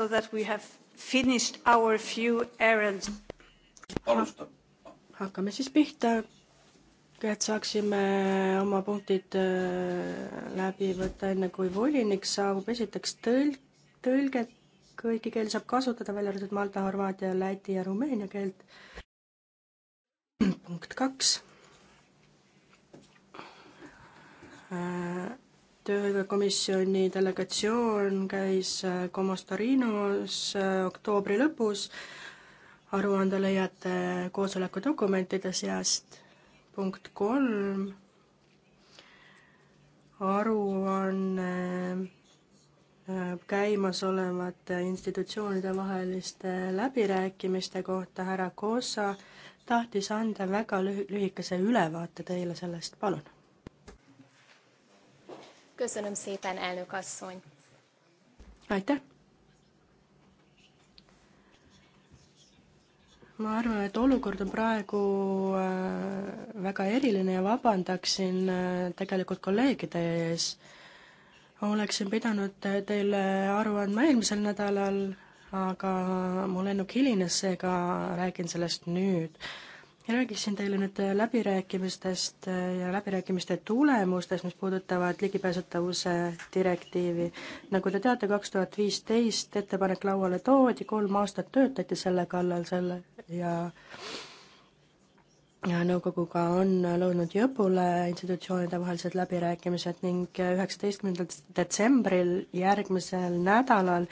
so that we have finished our few errands. alustame. hakkame siis pihta, et saaksime oma punktid äh, läbi võtta, enne kui volinik saabub. esiteks tõl-, tõlget kõiki keeli saab kasutada, välja arvatud malta, horvaadia, läti ja rumeenia keelt. punkt kaks äh, tööhõivekomisjoni delegatsioon käis äh, Comostarinos äh, oktoobri lõpus, aruande leiate koosoleku dokumentide seast. punkt kolm, aruanne äh, käimasolevate institutsioonide vaheliste läbirääkimiste kohta härra Koosa tahtis anda väga lühi-, lühikese ülevaate teile sellest, palun Köszönöm szépen, elnök asszony. aitäh. ma arvan, et olukord on praegu äh, väga eriline ja vabandaksin äh, tegelikult kolleegide ees. oleksin pidanud äh, teile aru andma eelmisel nädalal, aga mu lennuk hilines, seega räägin sellest nüüd ja räägiksin teile nüüd äh, läbirääkimistest äh, ja läbirääkimiste tulemustest, mis puudutavad ligipääsetavuse direktiivi. nagu te teate, kaks tuhat viisteist ettepanek lauale toodi, kolm aastat töötati selle kallal, selle ja ja nõukoguga on löönud jõpule institutsioonide vahelised läbirääkimised ning üheksateistkümnendal detsembril järgmisel nädalal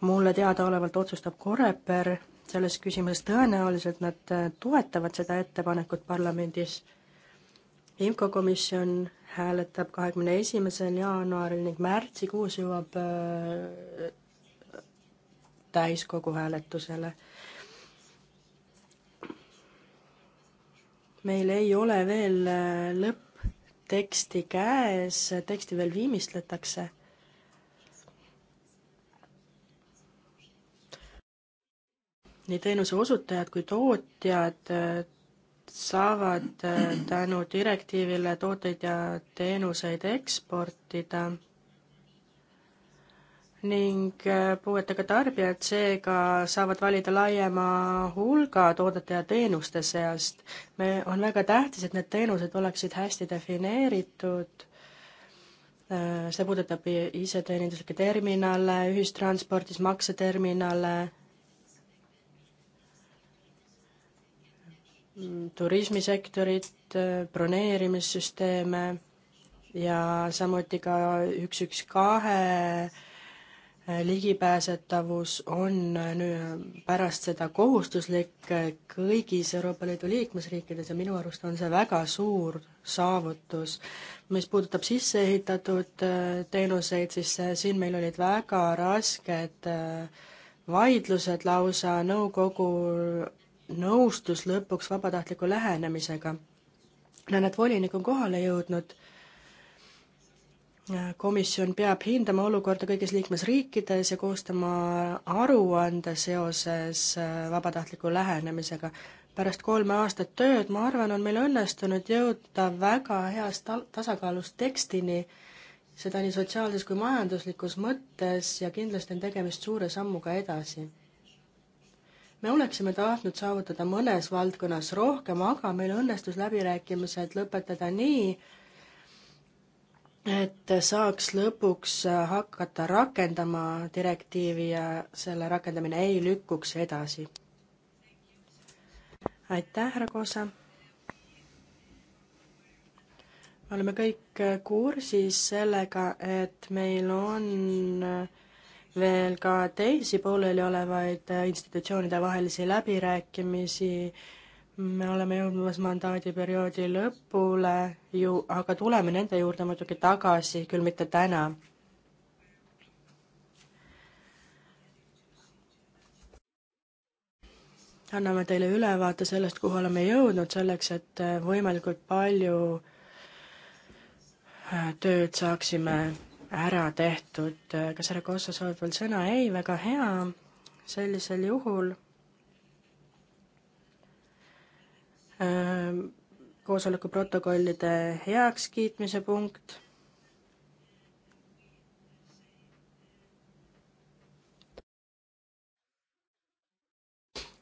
mulle teadaolevalt otsustab Koreper selles küsimuses, tõenäoliselt nad äh, toetavad seda ettepanekut parlamendis. IMCO komisjon hääletab kahekümne esimesel jaanuaril ning märtsikuus jõuab äh, täiskogu hääletusele. meil ei ole veel äh, lõppteksti käes, teksti veel viimistletakse nii teenuse osutajad kui tootjad äh, saavad äh, tänu direktiivile tooteid ja teenuseid eksportida ning äh, puuetega tarbijad seega saavad valida laiema hulga toodete ja teenuste seast. me, on väga tähtis, et need teenused oleksid hästi defineeritud, see puudutab iseteeninduslikke terminale, ühistranspordis makseterminale Mm, turismisektorit, broneerimissüsteeme ja samuti ka üks, üks, kahe eh, ligipääsetavus on eh, pärast seda kohustuslik eh, kõigis Euroopa Liidu liikmesriikides ja minu arust on see väga suur saavutus. mis puudutab sisseehitatud teenuseid, siis siin meil olid väga rasked vaidlused lausa, nõukogu nõustus lõpuks vabatahtliku lähenemisega. näen, et volinik on kohale jõudnud. komisjon peab hindama olukorda kõigis liikmesriikides ja koostama aruande seoses äh, vabatahtliku lähenemisega. pärast kolme aastat tööd, ma arvan, on meil õnnestunud jõuda väga heas ta-, tasakaalus tekstini, seda nii sotsiaalses kui majanduslikus mõttes ja kindlasti on tegemist suure sammuga edasi me oleksime tahtnud saavutada mõnes valdkonnas rohkem, aga meil õnnestus läbirääkimised lõpetada nii, et saaks lõpuks hakata rakendama direktiivi ja selle rakendamine ei lükkuks edasi. aitäh, härra Koosa! me oleme kõik kursis sellega, et meil on äh, veel ka teisi pooleliolevaid institutsioonide vahelisi läbirääkimisi, me oleme jõudmas mandaadiperioodi lõpule ju, aga tuleme nende juurde muidugi tagasi, küll mitte täna anname teile ülevaate sellest, kuhu oleme jõudnud, selleks et võimalikult palju tööd saaksime ära tehtud. kas härra Kossa soovib veel sõna? ei, väga hea. sellisel juhul ähm, koosoleku protokollide heakskiitmise punkt.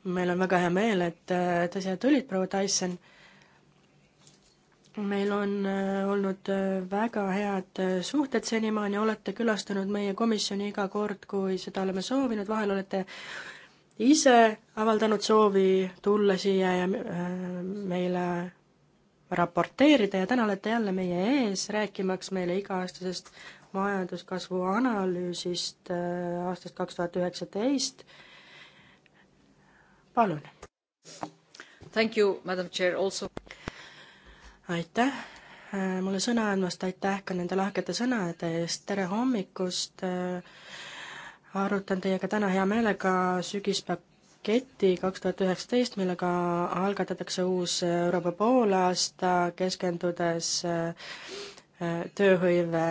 meil on väga hea meel, et äh, te siia tulid, proua Tyson meil on äh, olnud äh, väga head äh, suhted senimaani, olete külastanud meie komisjoni iga kord, kui seda oleme soovinud, vahel olete ise avaldanud soovi tulla siia ja meile raporteerida ja täna olete jälle meie ees, rääkimaks meile iga-aastasest majanduskasvu analüüsist aastast kaks tuhat üheksateist. palun. Thank you, madam chair, also aitäh äh, mulle sõna andmast, aitäh ka nende lahkete sõnade eest, tere hommikust, äh, arutan teiega täna hea meelega sügispaketti kaks tuhat üheksateist, millega algatatakse uus Euroopa poolaasta, keskendudes äh, tööhõive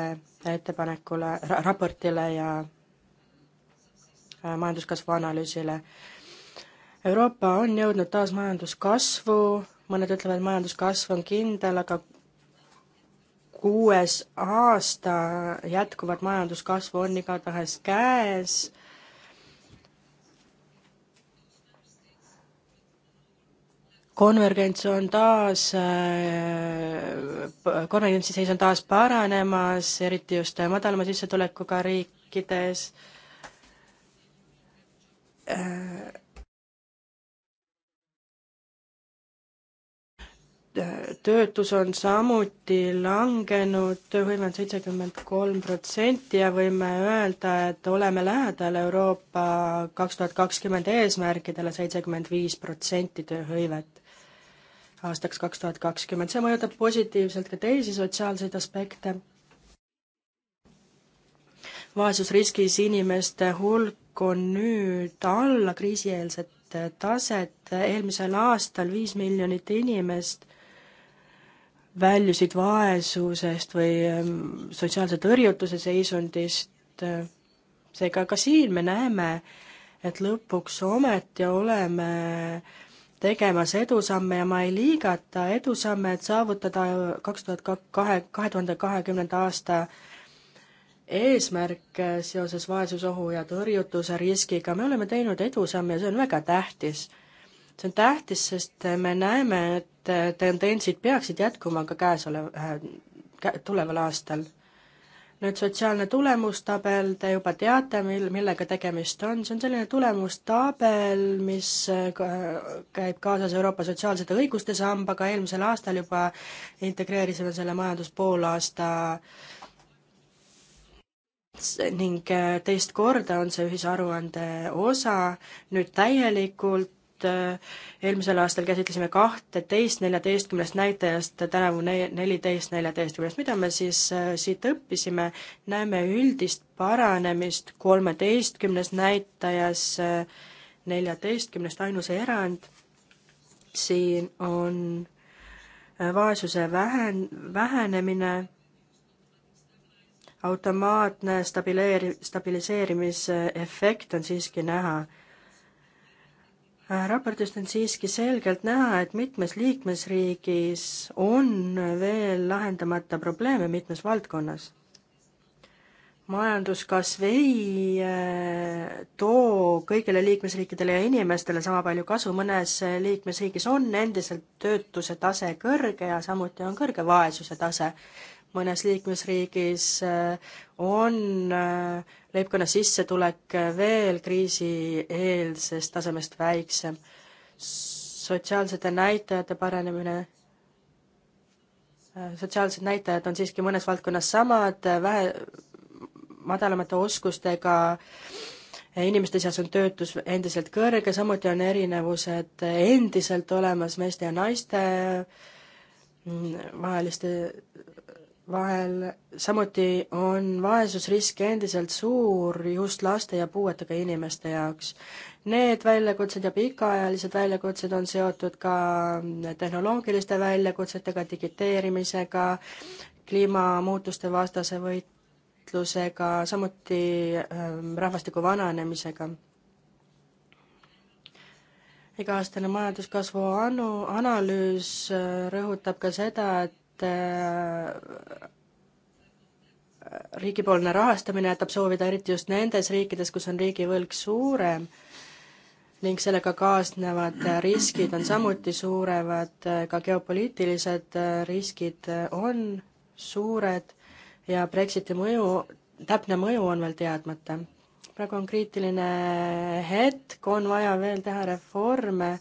ettepanekule, raportile ja majanduskasvu analüüsile. Euroopa on jõudnud taas majanduskasvu, mõned ütlevad, majanduskasv on kindel, aga kuues aasta jätkuvat majanduskasvu on igatahes käes konvergents on taas, äh, konvergentsi seis on taas paranemas, eriti just madalama sissetulekuga riikides. Äh, töötus on samuti langenud, töövõime on seitsekümmend kolm protsenti ja võime öelda, et oleme lähedal Euroopa kaks tuhat kakskümmend eesmärkidele seitsekümmend viis protsenti tööhõivet aastaks kaks tuhat kakskümmend. see mõjutab positiivselt ka teisi sotsiaalseid aspekte. vaesusriskis inimeste hulk on nüüd alla kriisieelset taset, eelmisel aastal viis miljonit inimest väljusid vaesusest või ähm, sotsiaalse tõrjutuse seisundist, seega ka siin me näeme, et lõpuks ometi oleme tegemas edusamme ja ma ei liigata edusamme, et saavutada kaks tuhat kahe, kahe tuhande kahekümnenda aasta eesmärk seoses vaesusohu ja tõrjutuse riskiga, me oleme teinud edusamme ja see on väga tähtis see on tähtis, sest me näeme, et äh, tendentsid peaksid jätkuma ka käesolev äh,, tuleval aastal. nüüd sotsiaalne tulemustabel, te juba teate, mil, millega tegemist on, see on selline tulemustabel, mis äh, käib kaasas Euroopa sotsiaalsete õiguste sambaga, eelmisel aastal juba integreerisime selle majanduspoolaasta ning äh, teist korda on see ühisaruande osa nüüd täielikult Äh, eelmisel aastal käsitlesime kahteteist neljateistkümnest näitajast, tänavu ne-, neliteist neljateistkümnest, mida me siis äh, siit õppisime, näeme üldist paranemist kolmeteistkümnes näitajas, äh, neljateistkümnest ainus erand siin on vaesuse vähen-, vähenemine, automaatne stabileeri-, stabiliseerimisefekt on siiski näha raportist on siiski selgelt näha, et mitmes liikmesriigis on veel lahendamata probleeme mitmes valdkonnas. majanduskasv ei äh, too kõigile liikmesriikidele ja inimestele sama palju kasu, mõnes liikmesriigis on endiselt töötuse tase kõrge ja samuti on kõrge vaesuse tase. mõnes liikmesriigis äh, on äh, leibkonna sissetulek veel kriisieelsest tasemest väiksem. sotsiaalsete näitajate paranemine, sotsiaalsed näitajad on siiski mõnes valdkonnas samad, vähe, madalamate oskustega inimeste seas on töötus endiselt kõrge, samuti on erinevused endiselt olemas meeste ja naiste vaheliste vahel, samuti on vaesusrisk endiselt suur just laste ja puuetega inimeste jaoks. Need väljakutsed ja pikaajalised väljakutsed on seotud ka tehnoloogiliste väljakutsetega, digiteerimisega, kliimamuutuste vastase võitlusega, samuti ähm, rahvastiku vananemisega iga-aastane majanduskasvu anu-, analüüs äh, rõhutab ka seda, et Äh, riigipoolne rahastamine jätab soovida, eriti just nendes riikides, kus on riigivõlg suurem ning sellega kaasnevad riskid on samuti suuremad, ka geopoliitilised riskid on suured ja Brexiti mõju, täpne mõju on veel teadmata. praegu on kriitiline hetk, on vaja veel teha reforme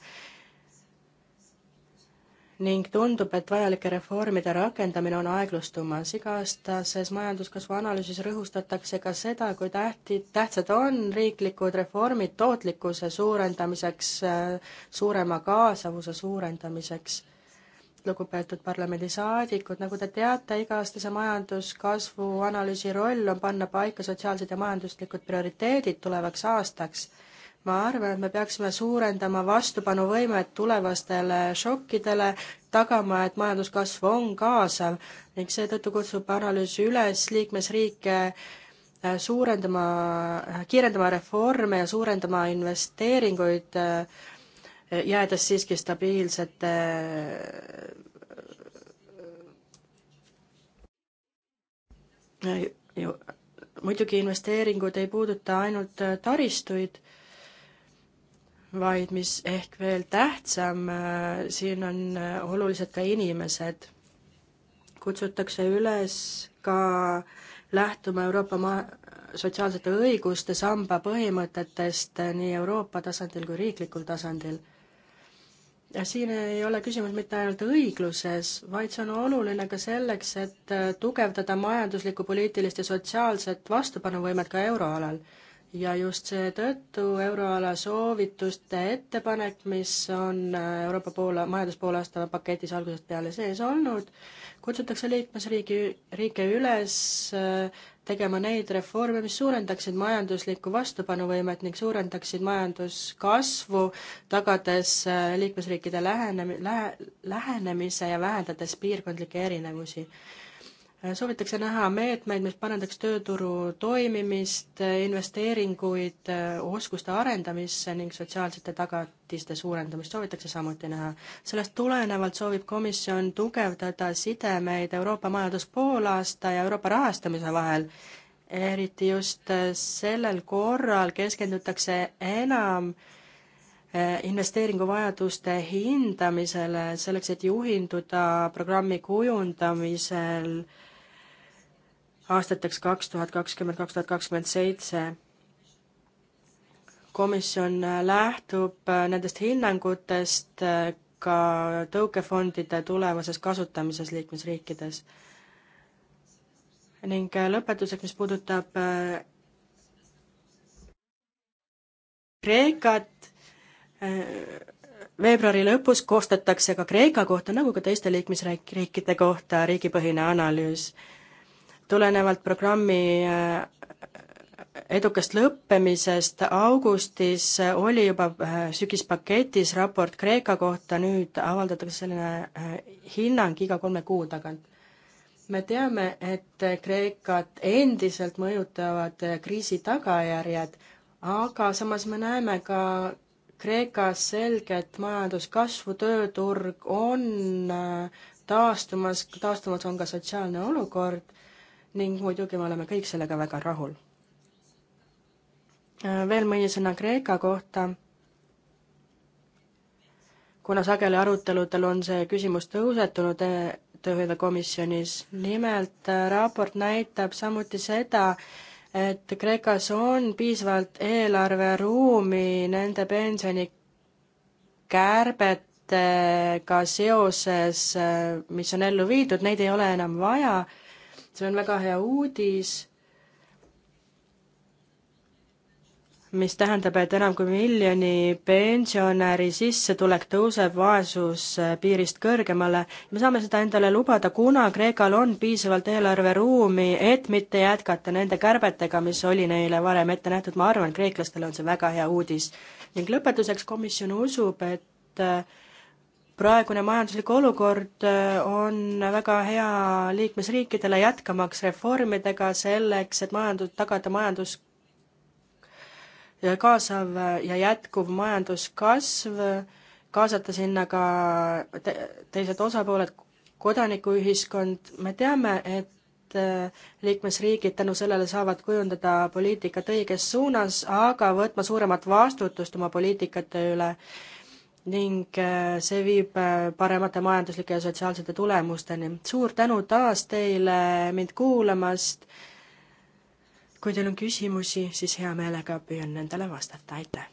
ning tundub, et vajalike reformide rakendamine on aeglustumas. iga-aastases majanduskasvu analüüsis rõhustatakse ka seda, kui tähti, tähtsad on riiklikud reformid tootlikkuse suurendamiseks, suurema kaasavuse suurendamiseks lugupeetud parlamendisaadikud, nagu te teate, iga-aastase majanduskasvu analüüsi roll on panna paika sotsiaalsed ja majanduslikud prioriteedid tulevaks aastaks ma arvan, et me peaksime suurendama vastupanuvõimet tulevastele šokkidele, tagama, et majanduskasv on kaasav ning seetõttu kutsub analüüs üles liikmesriike äh, suurendama, äh, kiirendama reforme ja suurendama investeeringuid, äh, jäädes siiski stabiilsete muidugi investeeringud ei puuduta ainult taristuid vaid mis ehk veel tähtsam, äh, siin on äh, olulised ka inimesed. kutsutakse üles ka lähtuma Euroopa ma-, sotsiaalsete õiguste samba põhimõtetest äh, nii Euroopa tasandil kui riiklikul tasandil. ja siin ei ole küsimus mitte ainult õigluses, vaid see on oluline ka selleks, et tugevdada majanduslikku, poliitilist ja sotsiaalset vastupanuvõimet ka euroalal ja just seetõttu euroala soovituste ettepanek, mis on äh, Euroopa poole, majanduspoolaasta paketis algusest peale sees olnud, kutsutakse liikmesriigi, riike üles äh, tegema neid reforme, mis suurendaksid majanduslikku vastupanuvõimet ning suurendaksid majanduskasvu, tagades äh, liikmesriikide lähene, lähe, lähenemise ja vähendades piirkondlikke erinevusi Äh, soovitakse näha meetmeid, mis parandaks tööturu toimimist, äh, investeeringuid äh, oskuste arendamisse ning sotsiaalsete tagatiste suurendamist soovitakse samuti näha. sellest tulenevalt soovib komisjon tugevdada sidemeid Euroopa majandus poolaasta ja Euroopa rahastamise vahel, eriti just sellel korral keskendutakse enam investeeringuvajaduste hindamisele, selleks et juhinduda programmi kujundamisel äh, aastateks kaks tuhat kakskümmend, kaks tuhat kakskümmend seitse. komisjon äh, lähtub äh, nendest hinnangutest äh, ka tõukefondide tulevases kasutamises liikmesriikides. ning lõpetuseks, mis puudutab Kreekat, veebruari lõpus koostatakse ka Kreeka kohta, nagu ka teiste liikmesriikide kohta, riigipõhine analüüs tulenevalt programmi äh, edukast lõppemisest augustis äh, oli juba äh, sügispaketis raport Kreeka kohta, nüüd avaldatakse selline hinnang iga kolme kuu tagant. me teame, et Kreekat endiselt mõjutavad kriisi tagajärjed, aga samas me näeme ka Kreekas selget majanduskasvu, tööturg on taastumas, taastumas on ka sotsiaalne olukord ning muidugi me oleme kõik sellega väga rahul. Äh, veel mõni sõna Kreeka kohta. kuna sageli aruteludel on see küsimus tõusetunud äh, tööhõivekomisjonis, nimelt äh, raport näitab samuti seda, et Kreekas on piisavalt eelarveruumi nende pensionikärbetega seoses, mis on ellu viidud, neid ei ole enam vaja see on väga hea uudis, mis tähendab, et enam kui miljoni pensionäri sissetulek tõuseb vaesuspiirist äh, kõrgemale. me saame seda endale lubada, kuna Kreekal on piisavalt eelarveruumi, et mitte jätkata nende kärbetega, mis oli neile varem ette nähtud. ma arvan, kreeklastele on see väga hea uudis. ning lõpetuseks komisjon usub, et äh, praegune majanduslik olukord äh, on väga hea liikmesriikidele jätkamaks reformidega selleks, et majandus, tagada majandus, äh, kaasav äh, ja jätkuv majanduskasv, kaasata sinna ka te, teised osapooled, kodanikuühiskond, me teame, et liikmesriigid tänu sellele saavad kujundada poliitikat õiges suunas, aga võtma suuremat vastutust oma poliitikate üle ning äh, see viib äh, paremate majanduslike ja sotsiaalsete tulemusteni. suur tänu taas teile mind kuulamast. kui teil on küsimusi, siis hea meelega püüan nendele vastata, aitäh.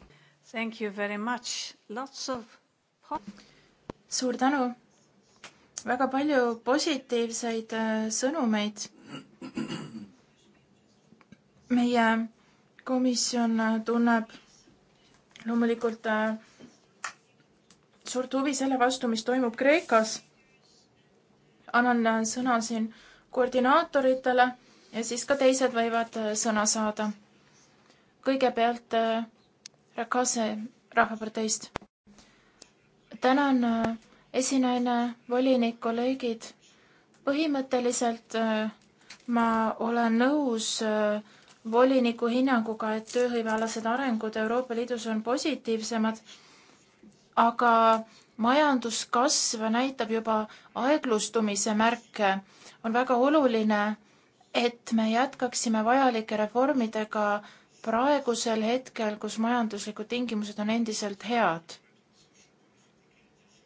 Thank you very much, lots of. suur tänu. väga palju positiivseid äh, sõnumeid. meie komisjon tunneb loomulikult äh, suurt huvi selle vastu, mis toimub Kreekas. annan äh, sõna siin koordinaatoritele ja siis ka teised võivad äh, sõna saada. kõigepealt äh, Rakase Rahvaparteist. tänan, esinaine, volinik, kolleegid. põhimõtteliselt ma olen nõus voliniku hinnanguga, et tööhõivealased arengud Euroopa Liidus on positiivsemad aga majanduskasv näitab juba aeglustumise märke. on väga oluline, et me jätkaksime vajalike reformidega praegusel hetkel, kus majanduslikud tingimused on endiselt head.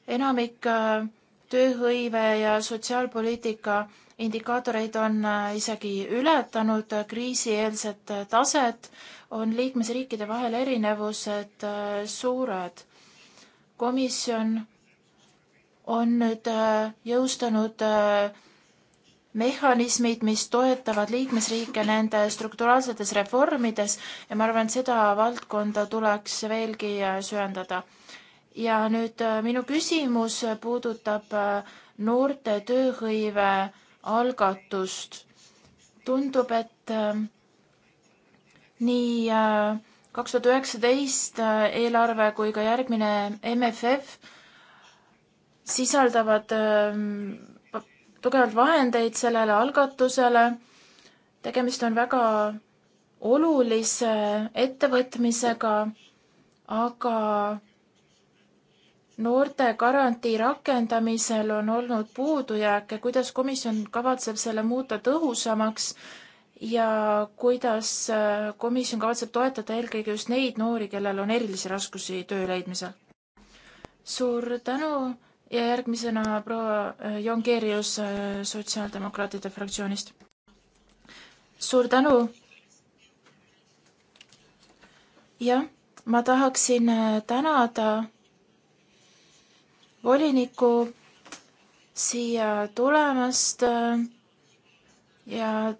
enamik äh, tööhõive ja sotsiaalpoliitika indikaatoreid on äh, isegi ületanud äh, kriisieelset taset, on liikmesriikide vahel erinevused suured komisjon on nüüd äh, jõustanud äh, mehhanismid, mis toetavad liikmesriike nende strukturaalsetes reformides ja ma arvan, et seda valdkonda tuleks veelgi äh, süvendada. ja nüüd minu küsimus puudutab noorte tööhõive algatust. tundub, et nii äh, kaks tuhat üheksateist äh, eelarve kui ka järgmine MFF sisaldavad ähm, tugevalt vahendeid sellele algatusele. tegemist on väga olulise ettevõtmisega, aga noorte garantii rakendamisel on olnud puudujääke, kuidas komisjon kavatseb selle muuta tõhusamaks ja kuidas äh, komisjon kavatseb toetada eelkõige just neid noori, kellel on erilisi raskusi töö leidmisel? suur tänu ja järgmisena proua äh, Jon Keerius äh, Sotsiaaldemokraatide fraktsioonist. suur tänu. jah, ma tahaksin tänada volinikku siia tulemast ja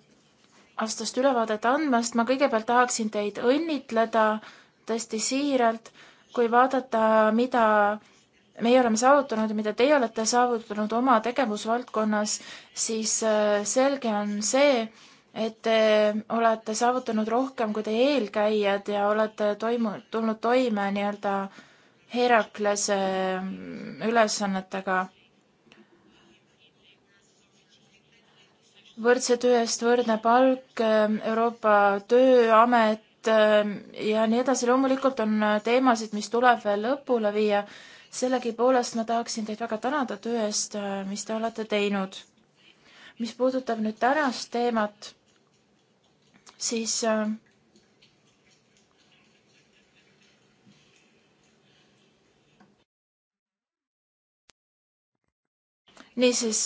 aastast ülevaadet andmast. ma kõigepealt tahaksin teid õnnitleda tõesti siiralt, kui vaadata, mida meie oleme saavutanud ja mida teie olete saavutanud oma tegevusvaldkonnas, siis äh, selge on see, et te olete saavutanud rohkem kui teie eelkäijad ja olete toimu-, tulnud toime nii-öelda Heraklase äh, ülesannetega võrdse töö eest võrdne palk, ähm, Euroopa Tööamet ähm, ja nii edasi, loomulikult on äh, teemasid, mis tuleb veel lõpule viia. sellegipoolest ma tahaksin teid väga tänada töö eest, äh, mis te olete teinud. mis puudutab nüüd tänast teemat, siis ähm, niisiis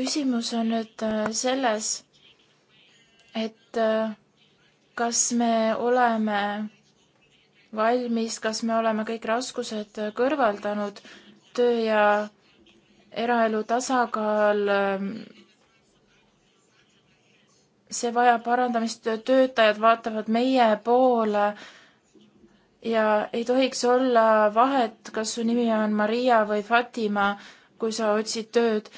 küsimus on nüüd äh, selles, et äh, kas me oleme valmis, kas me oleme kõik raskused äh, kõrvaldanud, töö ja eraelu tasakaal, ähm, see vajab parandamist, töötajad vaatavad meie poole ja ei tohiks olla vahet, kas su nimi on Maria või Fatima, kui sa otsid tööd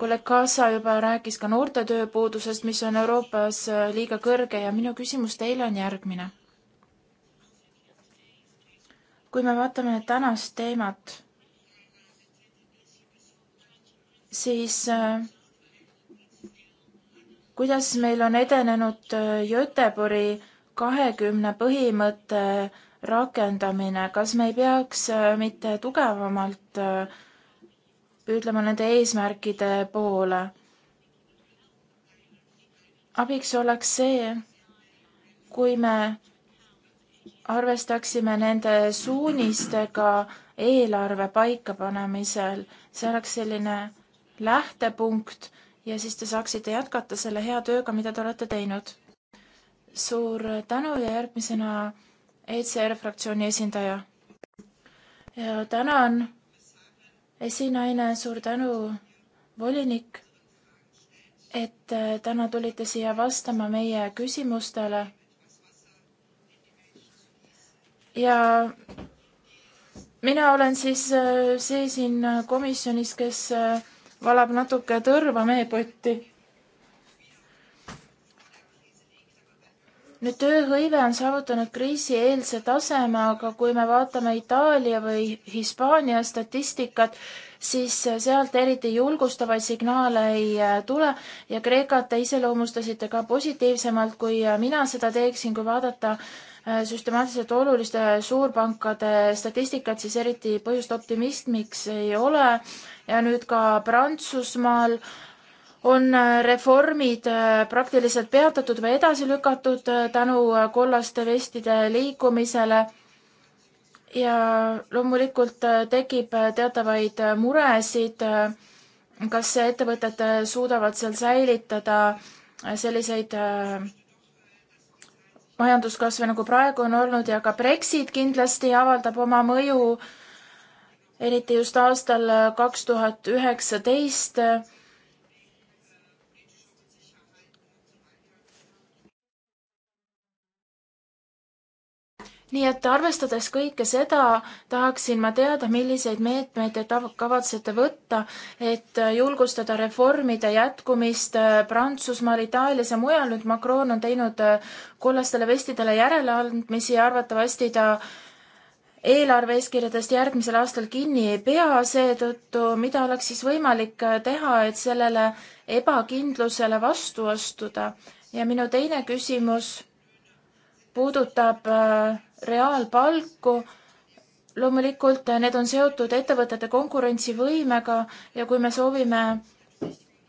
kolleeg Kaasa juba rääkis ka noorte tööpuudusest, mis on Euroopas äh, liiga kõrge ja minu küsimus teile on järgmine. kui me vaatame tänast teemat, siis äh, kuidas meil on edenenud äh, Göteborgi kahekümne põhimõtte rakendamine, kas me ei peaks mitte tugevamalt äh, püüdlema nende eesmärkide poole. abiks oleks see, kui me arvestaksime nende suunistega eelarve paikapanemisel, see oleks selline lähtepunkt ja siis te saaksite jätkata selle hea tööga, mida te olete teinud. suur tänu ja järgmisena ECR fraktsiooni esindaja. ja tänan esinaine, suur tänu, volinik, et äh, täna tulite siia vastama meie küsimustele. ja mina olen siis äh, see siin äh, komisjonis, kes valab natuke tõrva meepotti nüüd tööhõive on saavutanud kriisieelse taseme, aga kui me vaatame Itaalia või Hispaania statistikat, siis sealt eriti julgustavaid signaale ei äh, tule ja Kreekat te iseloomustasite ka positiivsemalt, kui äh, mina seda teeksin, kui vaadata äh, süstemaatiliselt oluliste suurpankade statistikat, siis eriti põhjust optimismiks ei ole. ja nüüd ka Prantsusmaal äh, on äh, reformid äh, praktiliselt peatatud või edasi lükatud äh, tänu kollaste vestide liikumisele. ja loomulikult tekib teatavaid muresid, kas ettevõtted suudavad seal säilitada selliseid majanduskasve, nagu praegu on olnud ja ka Brexit kindlasti avaldab oma mõju, eriti just aastal kaks tuhat üheksateist nii et arvestades kõike seda, tahaksin ma teada, milliseid meetmeid te kavatsete võtta, et äh, julgustada reformide jätkumist äh, Prantsusmaal, Itaalias ja mujal. nüüd Macron on teinud äh, kollastele vestidele järeleandmisi ja arvatavasti ta eelarve eeskirjadest järgmisel aastal kinni ei pea, seetõttu mida oleks siis võimalik teha, et sellele ebakindlusele vastu astuda? ja minu teine küsimus puudutab äh, reaalpalku, loomulikult äh, need on seotud ettevõtete konkurentsivõimega ja kui me soovime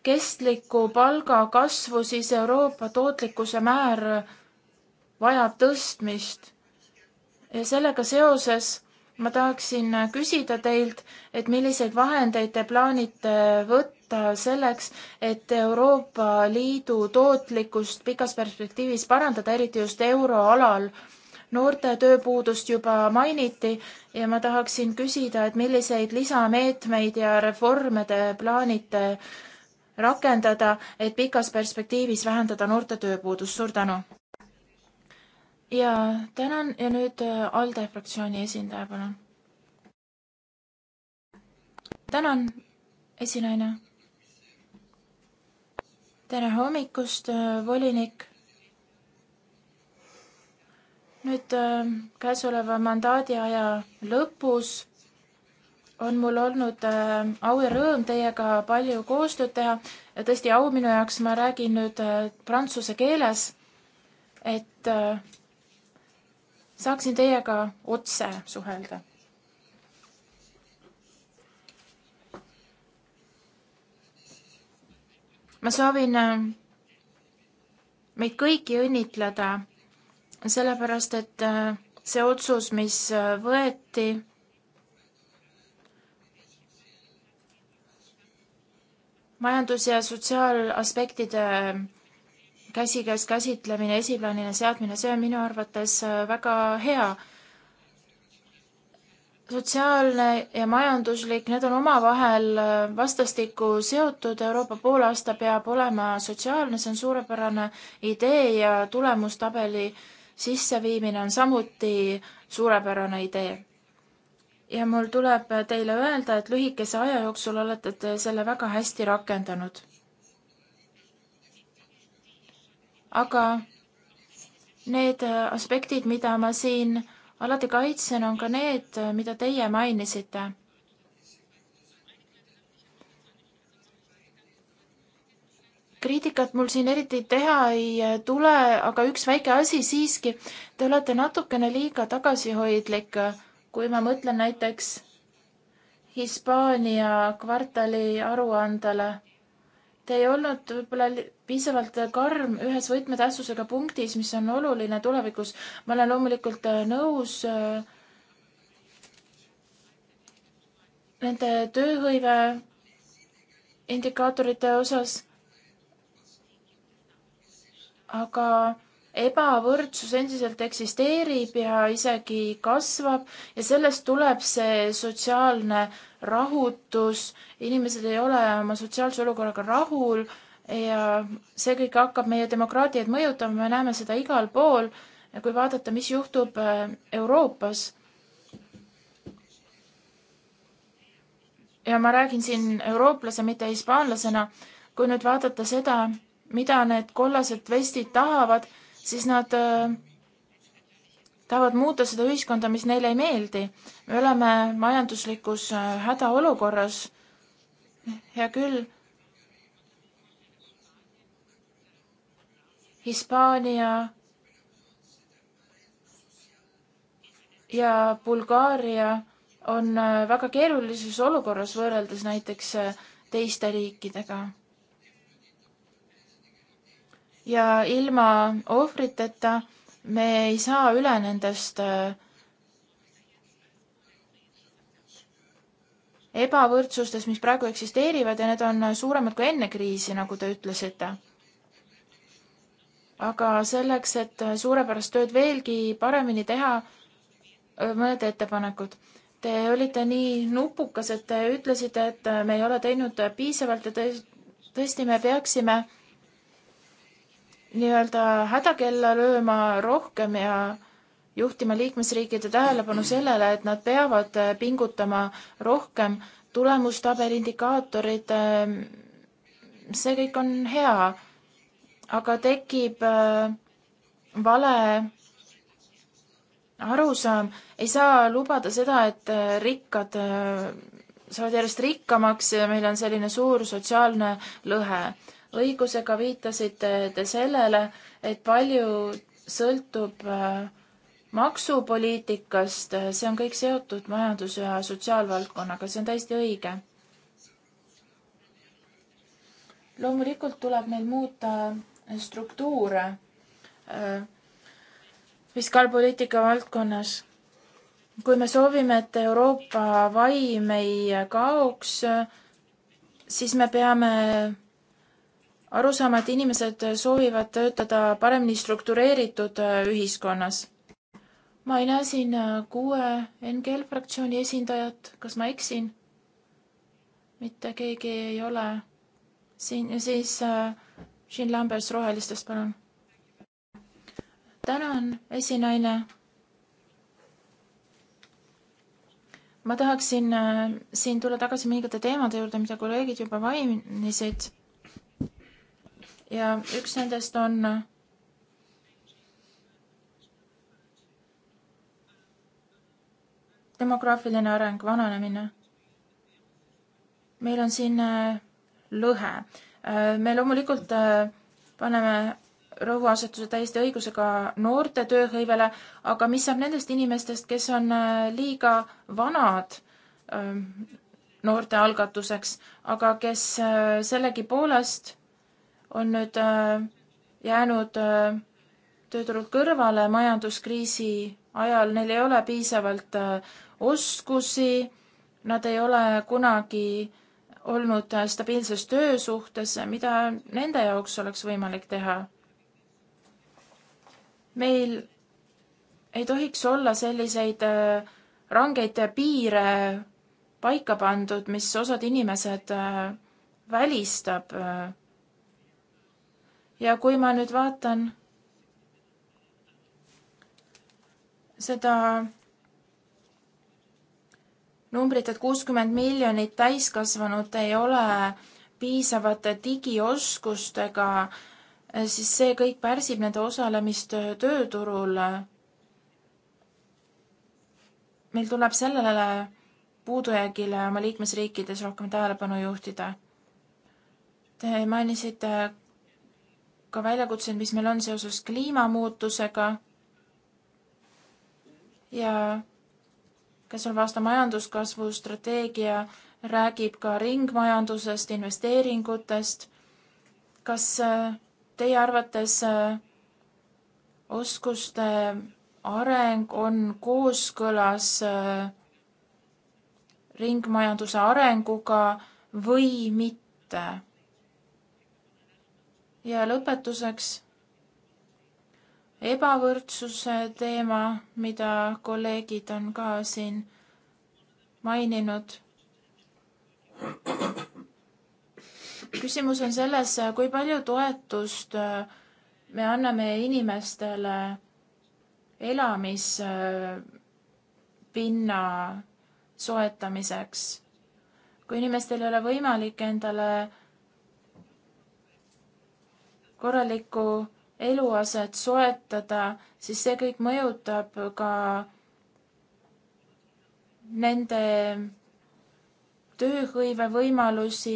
kestlikku palgakasvu, siis Euroopa tootlikkuse määr vajab tõstmist. ja sellega seoses ma tahaksin äh, küsida teilt, et milliseid vahendeid te plaanite võtta, võtta selleks, et Euroopa Liidu tootlikkust pikas perspektiivis parandada, eriti just euroalal. noorte tööpuudust juba mainiti ja ma tahaksin küsida, et milliseid lisameetmeid ja reforme te plaanite rakendada, et pikas perspektiivis vähendada noorte tööpuudust. suur tänu! ja tänan ja nüüd äh, ALDE fraktsiooni esindaja, palun. tänan, esinaine tere hommikust, äh, volinik. nüüd äh, käesoleva mandaadi aja lõpus on mul olnud äh, au ja rõõm teiega palju koostööd teha ja tõesti au minu jaoks, ma räägin nüüd prantsuse keeles, et saaksin teiega otse suhelda ma soovin äh, meid kõiki õnnitleda, sellepärast et äh, see otsus, mis äh, võeti, majandus- ja sotsiaalaspektide käsikäes käsitlemine, esiplaanile seadmine, see on minu arvates väga hea sotsiaalne ja majanduslik, need on omavahel äh, vastastikku seotud, Euroopa poolaasta peab olema sotsiaalne, see on suurepärane idee ja tulemustabeli sisseviimine on samuti suurepärane idee. ja mul tuleb teile öelda, et lühikese aja jooksul olete te selle väga hästi rakendanud. aga need aspektid, mida ma siin alade kaitsena on ka need, mida teie mainisite. kriitikat mul siin eriti teha ei tule, aga üks väike asi siiski. Te olete natukene liiga tagasihoidlik, kui ma mõtlen näiteks Hispaania kvartali aruandele Te ei olnud võib-olla piisavalt karm ühes võtmetähtsusega punktis, mis on oluline tulevikus. ma olen loomulikult äh, nõus äh, nende tööhõive indikaatorite osas, aga ebavõrdsus endiselt eksisteerib ja isegi kasvab ja sellest tuleb see sotsiaalne rahutus, inimesed ei ole oma sotsiaalse olukorraga rahul ja see kõik hakkab meie demokraatiaid mõjutama, me näeme seda igal pool ja kui vaadata, mis juhtub äh, Euroopas ja ma räägin siin eurooplase, mitte hispaanlasena, kui nüüd vaadata seda, mida need kollased vestid tahavad, siis nad äh, tahavad muuta seda ühiskonda, mis neile ei meeldi. me oleme majanduslikus äh, hädaolukorras. hea küll. Hispaania ja Bulgaaria on äh, väga keerulises olukorras võrreldes näiteks äh, teiste riikidega. ja ilma ohvriteta me ei saa üle nendest äh, ebavõrdsustest, mis praegu eksisteerivad ja need on suuremad kui enne kriisi, nagu te ütlesite. aga selleks, et suurepärast tööd veelgi paremini teha, äh, mõned ettepanekud. Te olite nii nupukas, et te ütlesite, et me ei ole teinud piisavalt ja tõesti, me peaksime nii-öelda hädakella lööma rohkem ja juhtima liikmesriikide tähelepanu sellele, et nad peavad äh, pingutama rohkem, tulemustabeli indikaatorid, äh, see kõik on hea, aga tekib äh, vale arusaam, ei saa lubada seda, et rikkad saavad järjest rikkamaks ja meil on selline suur sotsiaalne lõhe õigusega viitasite te sellele, et palju sõltub äh, maksupoliitikast, see on kõik seotud majandus- ja sotsiaalvaldkonnaga, see on täiesti õige. loomulikult tuleb meil muuta struktuure äh, fiskaalpoliitika valdkonnas. kui me soovime, et Euroopa vaim ei kaoks, äh, siis me peame aru saama, et inimesed soovivad töötada paremini struktureeritud äh, ühiskonnas. ma ei näe siin äh, kuue NGL fraktsiooni esindajat, kas ma eksin? mitte keegi ei ole siin ja siis äh, Jean Lambers Rohelistest, palun. tänan, esinaine ma tahaksin siin tulla tagasi mõningate teemade juurde, mida kolleegid juba mainisid ja üks nendest on demograafiline areng, vananemine. meil on siin äh, lõhe. Äh, me loomulikult äh, paneme rõhuasetuse täiesti õigusega noorte tööhõivele, aga mis saab nendest inimestest, kes on liiga vanad ähm, noorte algatuseks, aga kes sellegipoolest on nüüd äh, jäänud äh, tööturult kõrvale majanduskriisi ajal, neil ei ole piisavalt äh, oskusi, nad ei ole kunagi olnud stabiilses töösuhtes, mida nende jaoks oleks võimalik teha? meil ei tohiks olla selliseid rangeid piire paika pandud, mis osad inimesed välistab ja kui ma nüüd vaatan seda numbrit, et kuuskümmend miljonit täiskasvanut ei ole piisavate digioskustega, siis see kõik pärsib nende osalemist tööturul. meil tuleb sellele puudujäägile oma liikmesriikides rohkem tähelepanu juhtida. Te mainisite ka väljakutsed, mis meil on seoses kliimamuutusega ja käesoleva aasta majanduskasvu strateegia räägib ka ringmajandusest, investeeringutest. kas äh, teie arvates äh, oskuste areng on kooskõlas äh, ringmajanduse arenguga või mitte? ja lõpetuseks ebavõrdsuse teema, mida kolleegid on ka siin maininud. küsimus on selles, kui palju toetust me anname inimestele elamispinna soetamiseks. kui inimestel ei ole võimalik endale korralikku eluaset soetada, siis see kõik mõjutab ka nende tööhõive võimalusi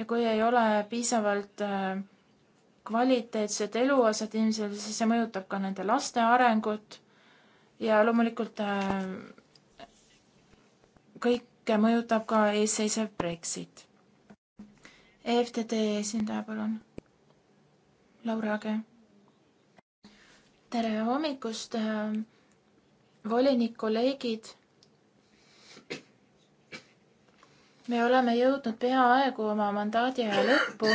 ja kui ei ole piisavalt äh, kvaliteetset eluaset inimesel, siis see mõjutab ka nende laste arengut ja loomulikult äh, kõike mõjutab ka eesseisev Brexit. EFTD esindaja, palun Laura Age. tere hommikust, äh, volinik, kolleegid. me oleme jõudnud peaaegu oma mandaadi aja lõppu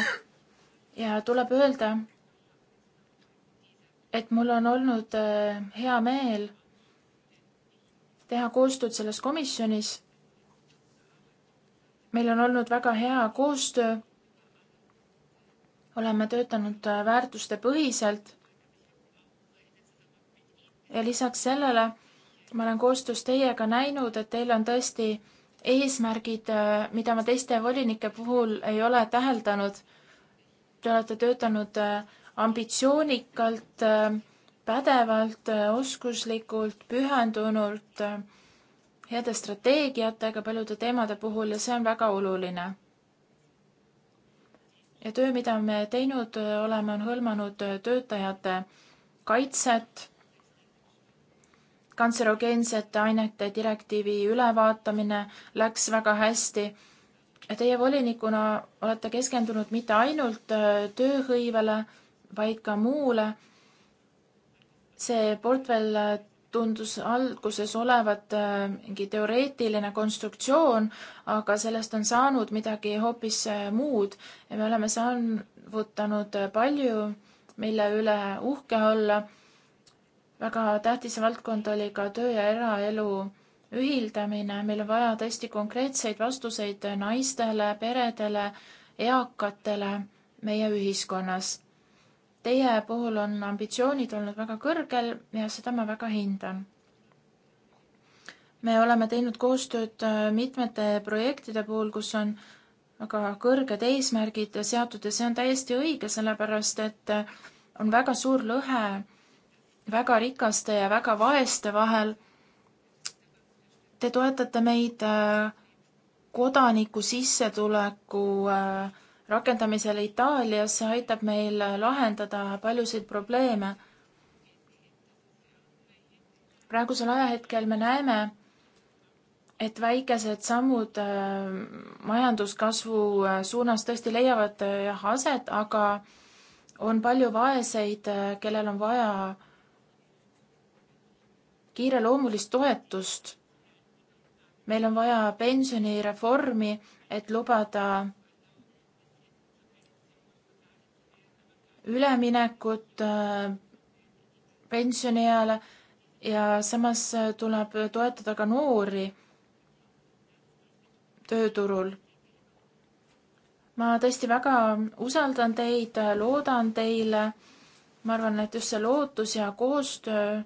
ja tuleb öelda, et mul on olnud äh, hea meel teha koostööd selles komisjonis. meil on olnud väga hea koostöö oleme töötanud äh, väärtuste põhiselt. ja lisaks sellele ma olen koostöös teiega näinud, et teil on tõesti eesmärgid, äh, mida ma teiste volinike puhul ei ole täheldanud. Te olete töötanud äh, ambitsioonikalt, pädevalt, oskuslikult, pühendunult, heade strateegiatega paljude teemade puhul ja see on väga oluline ja töö, mida me teinud äh, oleme, on hõlmanud äh, töötajate kaitset, kantserogeensete ainete direktiivi ülevaatamine läks väga hästi. Teie volinikuna olete keskendunud mitte ainult äh, tööhõivele, vaid ka muule. see portfell tundus alguses olevat äh, mingi teoreetiline konstruktsioon, aga sellest on saanud midagi hoopis äh, muud ja me oleme saavutanud äh, palju, mille üle uhke olla. väga tähtis valdkond oli ka töö ja eraelu ühildamine, meil on vaja tõesti konkreetseid vastuseid naistele, peredele, eakatele meie ühiskonnas Teie puhul on ambitsioonid olnud väga kõrgel ja seda ma väga hindan. me oleme teinud koostööd äh, mitmete projektide puhul, kus on väga kõrged eesmärgid seatud ja see on täiesti õige, sellepärast et äh, on väga suur lõhe väga rikaste ja väga vaeste vahel. Te toetate meid äh, kodaniku sissetuleku äh, rakendamisele Itaalias aitab meil lahendada paljusid probleeme. praegusel ajahetkel me näeme, et väikesed sammud äh, majanduskasvu äh, suunas tõesti leiavad jah äh, aset, aga on palju vaeseid, kellel on vaja kiireloomulist toetust. meil on vaja pensionireformi, et lubada üleminekut äh, pensionieale ja samas äh, tuleb toetada ka noori tööturul. ma tõesti väga usaldan teid, loodan teile. ma arvan, et just see lootus ja koostöö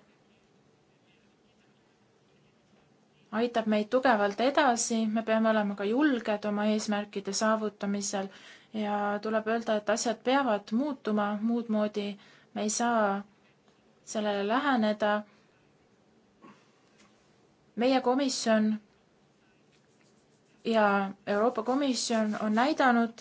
aitab meid tugevalt edasi, me peame olema ka julged oma eesmärkide saavutamisel ja tuleb öelda, et asjad peavad muutuma, muud moodi me ei saa sellele läheneda. meie komisjon ja Euroopa Komisjon on näidanud,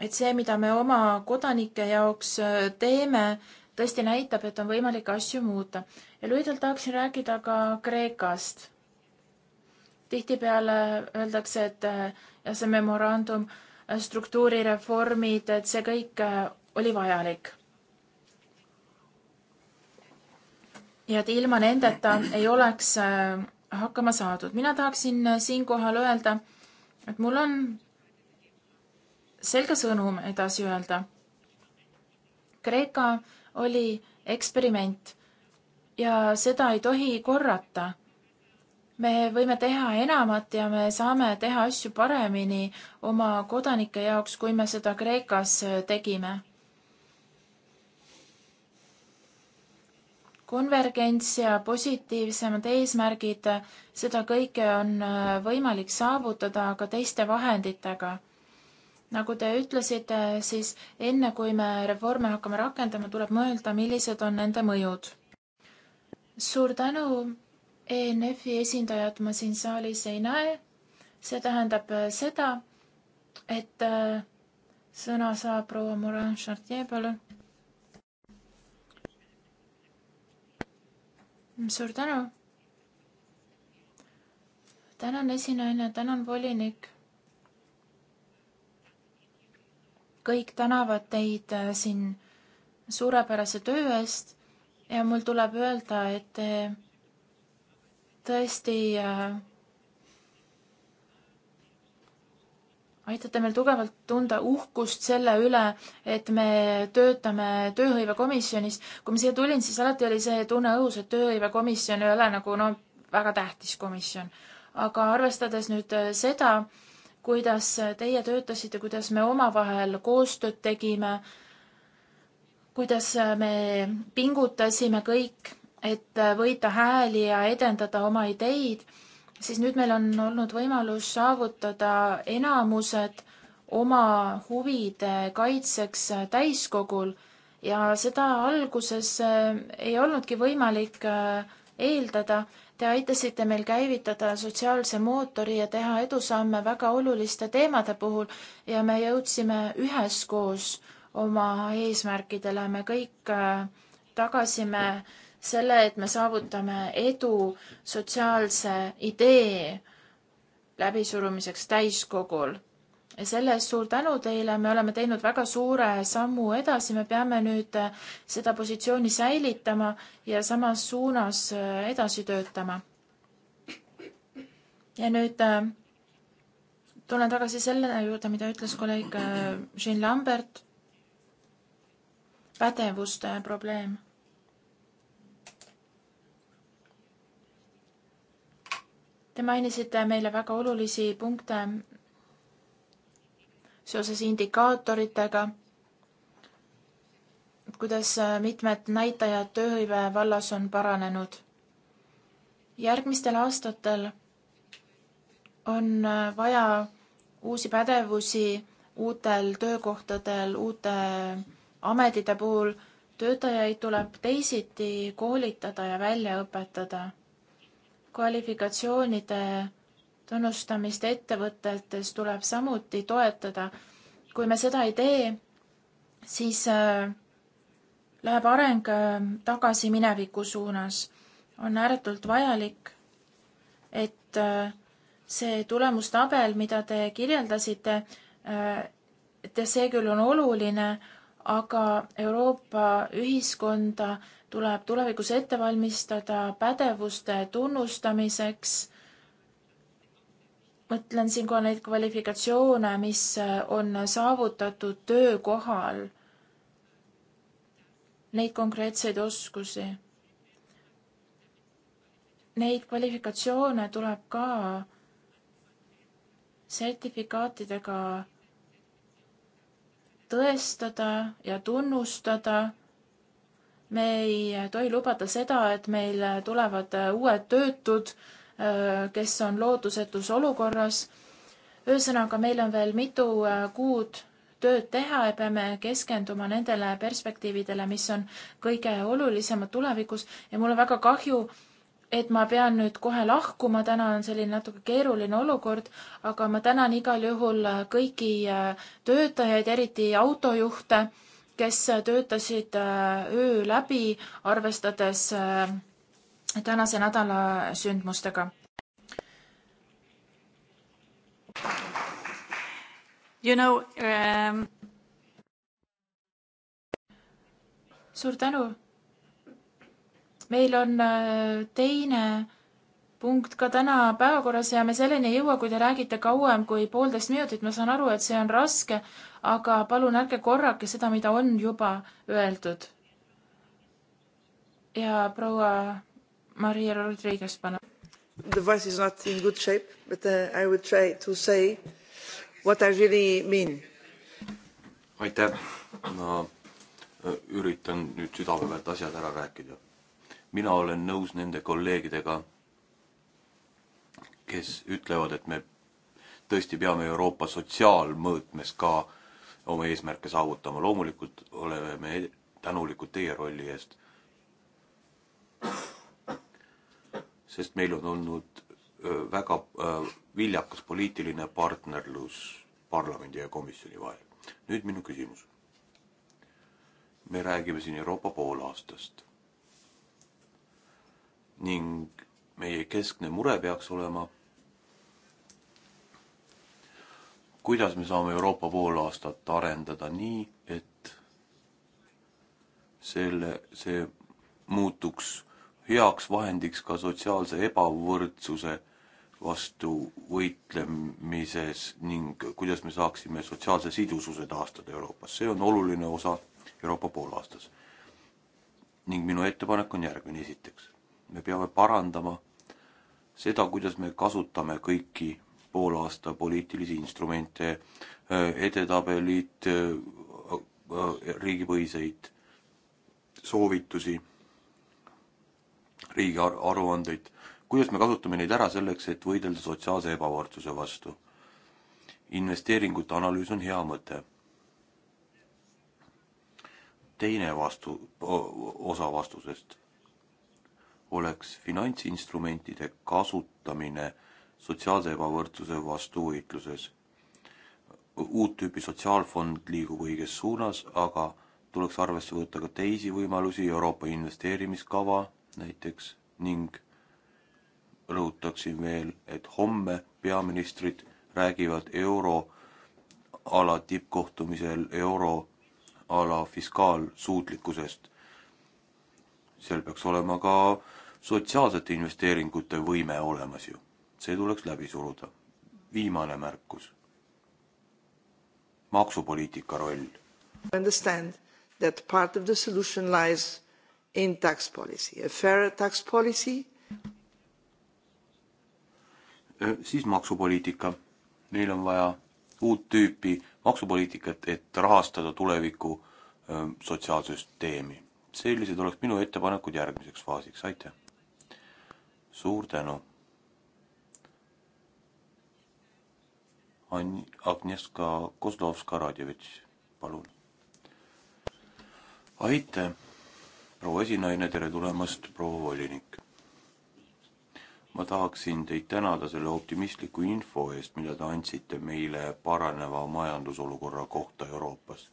et see, mida me oma kodanike jaoks äh, teeme, tõesti näitab, et on võimalik asju muuta. ja lühidalt tahaksin rääkida ka Kreekast. tihtipeale öeldakse, et äh, jah, see memorandum äh, struktuurireformid, et see kõik äh, oli vajalik. ja et ilma nendeta ei oleks äh, hakkama saadud. mina tahaksin äh, siinkohal öelda, et mul on selge sõnum edasi öelda. Kreeka oli eksperiment ja seda ei tohi korrata me võime teha enamat ja me saame teha asju paremini oma kodanike jaoks, kui me seda Kreekas äh, tegime. konvergents ja positiivsemad eesmärgid, seda kõike on äh, võimalik saavutada ka teiste vahenditega. nagu te ütlesite, siis enne kui me reforme hakkame rakendama, tuleb mõelda, millised on nende mõjud. suur tänu ENF-i esindajat ma siin saalis ei näe. see tähendab äh, seda, et äh, sõna saab proua Morin Chartier, palun. suur tänu. tänan esinaine, tänan volinik. kõik tänavad teid äh, siin suurepärase töö eest ja mul tuleb öelda, et te tõesti äh, aitate meil tugevalt tunda uhkust selle üle, et me töötame tööhõivekomisjonis. kui ma siia tulin, siis alati oli see tunne õhus, et tööhõivekomisjon ei ole nagu no väga tähtis komisjon. aga arvestades nüüd äh, seda, kuidas teie töötasite, kuidas me omavahel koostööd tegime, kuidas äh, me pingutasime kõik, et äh, võita hääli ja edendada oma ideid, siis nüüd meil on olnud võimalus saavutada enamused oma huvide kaitseks äh, täiskogul ja seda alguses äh, ei olnudki võimalik eeldada. Te aitasite meil käivitada sotsiaalse mootori ja teha edusamme väga oluliste teemade puhul ja me jõudsime üheskoos oma eesmärkidele, me kõik tagasime äh, selle, et me saavutame edu sotsiaalse idee läbisurumiseks täiskogul. ja selle eest suur tänu teile, me oleme teinud väga suure sammu edasi, me peame nüüd seda positsiooni säilitama ja samas suunas edasi töötama. ja nüüd äh, tulen tagasi selle juurde, mida ütles kolleeg äh, Jean Lambert, pädevuste probleem Te mainisite meile väga olulisi punkte seoses indikaatoritega, kuidas äh, mitmed näitajad tööhõive vallas on paranenud. järgmistel aastatel on äh, vaja uusi pädevusi uutel töökohtadel, uute ametite puhul töötajaid tuleb teisiti koolitada ja välja õpetada kvalifikatsioonide tunnustamist ettevõtetes tuleb samuti toetada. kui me seda ei tee, siis äh, läheb areng äh, tagasi mineviku suunas. on ääretult vajalik, et äh, see tulemustabel, mida te kirjeldasite, et see küll on oluline, aga Euroopa ühiskonda tuleb tulevikus ette valmistada pädevuste tunnustamiseks. mõtlen siinkohal neid kvalifikatsioone, mis on saavutatud töökohal, neid konkreetseid oskusi. Neid kvalifikatsioone tuleb ka sertifikaatidega tõestada ja tunnustada me ei tohi lubada seda, et meil tulevad uued töötud, äh, kes on lootusetus olukorras. ühesõnaga, meil on veel mitu äh, kuud tööd teha ja peame keskenduma nendele perspektiividele, mis on kõige olulisemad tulevikus ja mul on väga kahju, et ma pean nüüd kohe lahkuma, täna on selline natuke keeruline olukord, aga ma tänan igal juhul äh, kõiki töötajaid, eriti autojuhte kes äh, töötasid äh, öö läbi, arvestades äh, tänase nädala sündmustega. You know um.... suur tänu. meil on teine punkt ka täna päevakorras ja me selleni ei jõua, kui te räägite kauem kui poolteist minutit, ma saan aru, et see on raske, aga palun ärge korrake seda, mida on juba öeldud. ja proua Maria Rodriguez, palun. The voice is not in good shape, but uh, I will try to say what I really mean. aitäh, ma äh, üritan nüüd südameväärt asjad ära rääkida. mina olen nõus nende kolleegidega kes ütlevad, et me tõesti peame Euroopa sotsiaalmõõtmes ka oma eesmärke saavutama. loomulikult oleme me tänulikud teie rolli eest. sest meil on olnud väga viljakas poliitiline partnerlus parlamendi ja komisjoni vahel. nüüd minu küsimus. me räägime siin Euroopa poolaastast. ning meie keskne mure peaks olema kuidas me saame Euroopa poolaastat arendada nii, et selle, see muutuks heaks vahendiks ka sotsiaalse ebavõrdsuse vastu võitlemises ning kuidas me saaksime sotsiaalse sidususe taastada Euroopas, see on oluline osa Euroopa poolaastas. ning minu ettepanek on järgmine, esiteks, me peame parandama seda, kuidas me kasutame kõiki poolaasta poliitilisi instrumente, äh, edetabelit, äh, äh, riigipõhiseid soovitusi, riigi aruandeid, kuidas me kasutame neid ära selleks, et võidelda sotsiaalse ebavõrdsuse vastu? investeeringute analüüs on hea mõte. teine vastu, osa vastusest oleks finantsinstrumentide kasutamine sotsiaalse ebavõrdsuse vastu võitluses. uut tüüpi sotsiaalfond liigub õiges suunas, aga tuleks arvesse võtta ka teisi võimalusi, Euroopa investeerimiskava näiteks ning rõhutaksin veel, et homme peaministrid räägivad euroala tippkohtumisel euroala fiskaalsuutlikkusest. seal peaks olema ka sotsiaalsete investeeringute võime olemas ju see tuleks läbi suruda. viimane märkus. maksupoliitika roll. Understand that part of the solution lies in tax policy, a fair tax policy. Äh, siis maksupoliitika. meil on vaja uut tüüpi maksupoliitikat, et rahastada tuleviku äh, sotsiaalsüsteemi. sellised oleks minu ettepanekud järgmiseks faasiks, aitäh! suur tänu! Agnieszka Kozlovska-Radjevitš, palun. aitäh, proua esinaine, tere tulemast, proua volinik. ma tahaksin teid tänada selle optimistliku info eest, mida te andsite meile paraneva majandusolukorra kohta Euroopas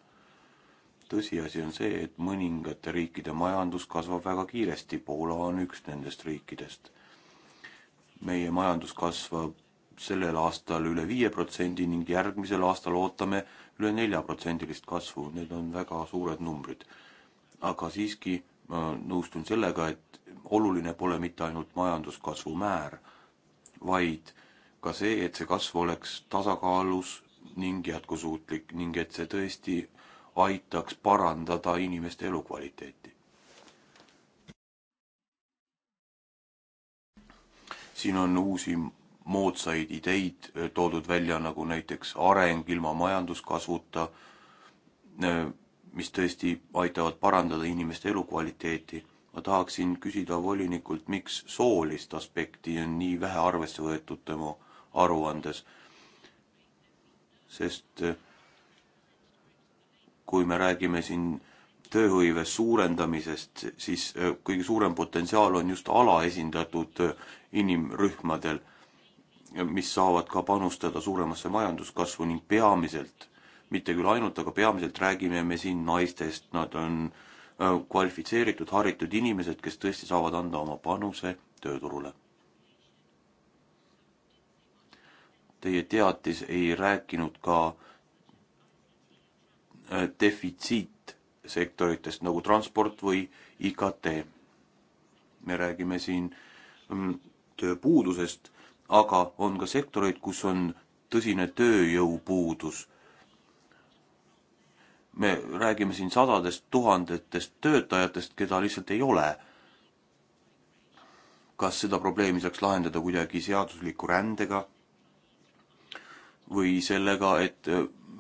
tõsiasi on see, et mõningate riikide majandus kasvab väga kiiresti, Poola on üks nendest riikidest. meie majandus kasvab sellel aastal üle viie protsendi ning järgmisel aastal ootame üle neljaprotsendilist kasvu, need on väga suured numbrid. aga siiski ma nõustun sellega, et oluline pole mitte ainult majanduskasvu määr, vaid ka see, et see kasv oleks tasakaalus ning jätkusuutlik ning et see tõesti aitaks parandada inimeste elukvaliteeti. siin on uusi moodsaid ideid äh, toodud välja, nagu näiteks areng ilma majanduskasvuta, äh, mis tõesti aitavad parandada inimeste elukvaliteeti. ma tahaksin küsida volinikult, miks soolist aspekti on nii vähe arvesse võetud tema aruandes, sest äh, kui me räägime siin tööhõive suurendamisest, siis kõige suurem potentsiaal on just alaesindatud inimrühmadel mis saavad ka panustada suuremasse majanduskasvu ning peamiselt, mitte küll ainult, aga peamiselt räägime me siin naistest, nad on äh, kvalifitseeritud, haritud inimesed, kes tõesti saavad anda oma panuse tööturule. Teie teatis ei rääkinud ka äh, defitsiitsektoritest nagu transport või IKT. me räägime siin mm, tööpuudusest aga on ka sektoreid, kus on tõsine tööjõupuudus. me räägime siin sadadest tuhandetest töötajatest, keda lihtsalt ei ole. kas seda probleemi saaks lahendada kuidagi seadusliku rändega või sellega, et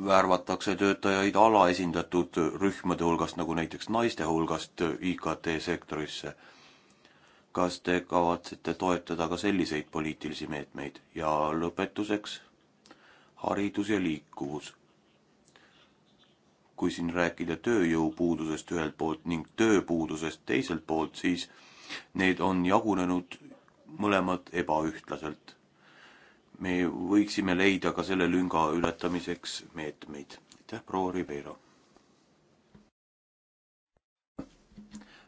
värvatakse töötajaid alaesindatud rühmade hulgast, nagu näiteks naiste hulgast IKT sektorisse kas te kavatsete toetada ka selliseid poliitilisi meetmeid ja lõpetuseks haridus ja liikuvus. kui siin rääkida tööjõupuudusest ühelt poolt ning tööpuudusest teiselt poolt, siis need on jagunenud mõlemad ebaühtlaselt. me võiksime leida ka selle lünga ületamiseks meetmeid. aitäh, proua Ribeiro!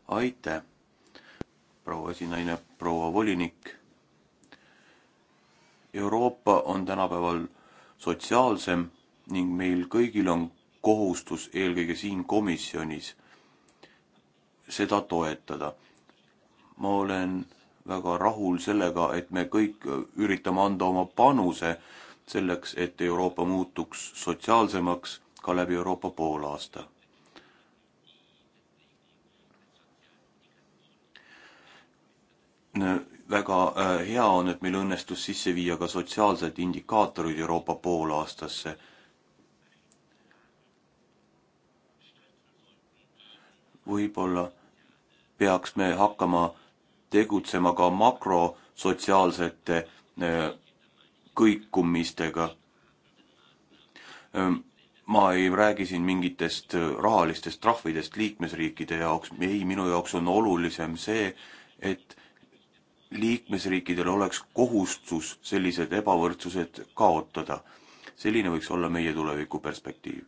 aitäh! proua esinaine, proua volinik. Euroopa on tänapäeval sotsiaalsem ning meil kõigil on kohustus eelkõige siin komisjonis seda toetada. ma olen väga rahul sellega, et me kõik üritame anda oma panuse selleks, et Euroopa muutuks sotsiaalsemaks ka läbi Euroopa poolaasta Äh, väga äh, hea on, et meil õnnestus sisse viia ka sotsiaalsed indikaatorid Euroopa poolaastasse. võib-olla peaks me hakkama tegutsema ka makrosotsiaalsete äh, kõikumistega. ma ei räägi siin mingitest rahalistest trahvidest liikmesriikide jaoks, ei, minu jaoks on olulisem see, et liikmesriikidel oleks kohustus sellised ebavõrdsused kaotada. selline võiks olla meie tuleviku perspektiiv.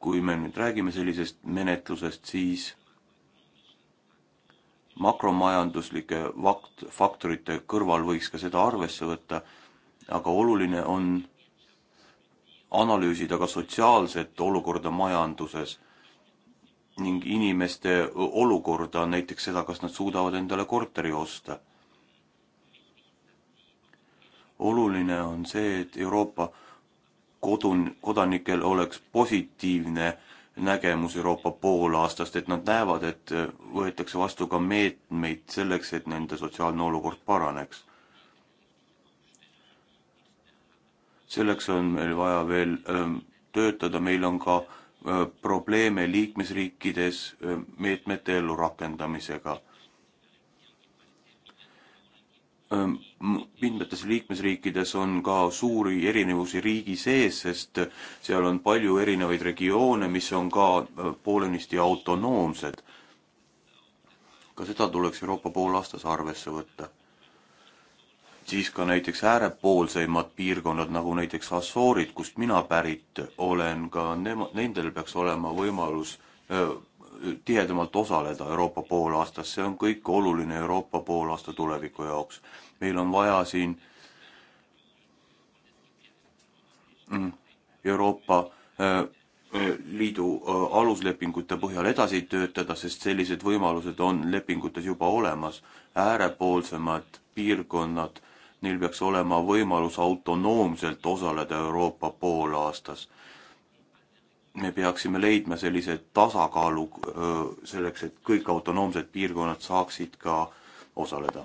kui me nüüd räägime sellisest menetlusest, siis makromajanduslike vakt-, faktorite kõrval võiks ka seda arvesse võtta, aga oluline on analüüsida ka sotsiaalset olukorda majanduses ning inimeste olukorda, näiteks seda, kas nad suudavad endale korteri osta. oluline on see, et Euroopa kodun-, kodanikel oleks positiivne nägemus Euroopa poolaastast, et nad näevad, et võetakse vastu ka meetmeid selleks, et nende sotsiaalne olukord paraneks. selleks on meil vaja veel öö, töötada, meil on ka öö, Äh, probleeme liikmesriikides äh, meetmete ellurakendamisega. Ähm, mitmetes liikmesriikides on ka suuri erinevusi riigi sees, sest äh, seal on palju erinevaid regioone, mis on ka poolenisti autonoomsed. ka seda tuleks Euroopa poolaastas arvesse võtta siis ka näiteks äärepoolseimad piirkonnad, nagu näiteks Assoorid, kust mina pärit olen, ka nema-, nendel peaks olema võimalus öö, tihedamalt osaleda Euroopa poolaastas, see on kõik oluline Euroopa poolaasta tuleviku jaoks. meil on vaja siin mm, Euroopa öö, Liidu aluslepingute põhjal edasi töötada, sest sellised võimalused on lepingutes juba olemas. äärepoolsemad piirkonnad neil peaks olema võimalus autonoomselt osaleda Euroopa poolaastas. me peaksime leidma sellise tasakaalu selleks, et kõik autonoomsed piirkonnad saaksid ka osaleda.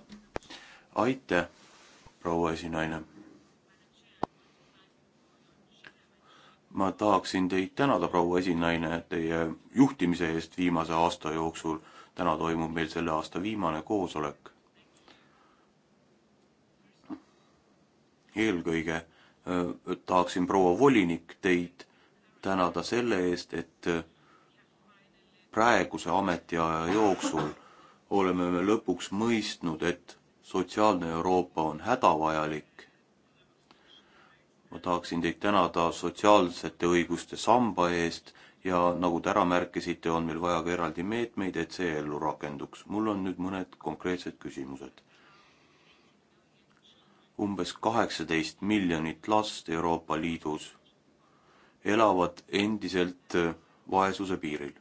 aitäh, proua esinaine. ma tahaksin teid tänada, proua esinaine, teie juhtimise eest viimase aasta jooksul. täna toimub meil selle aasta viimane koosolek eelkõige äh, tahaksin, proua volinik, teid tänada selle eest, et äh, praeguse ametiaja jooksul oleme me lõpuks mõistnud, et sotsiaalne Euroopa on hädavajalik. ma tahaksin teid tänada sotsiaalsete õiguste samba eest ja nagu te ära märkisite, on meil vaja ka eraldi meetmeid, et see ellu rakenduks. mul on nüüd mõned konkreetsed küsimused umbes kaheksateist miljonit last Euroopa Liidus elavad endiselt äh, vaesuse piiril.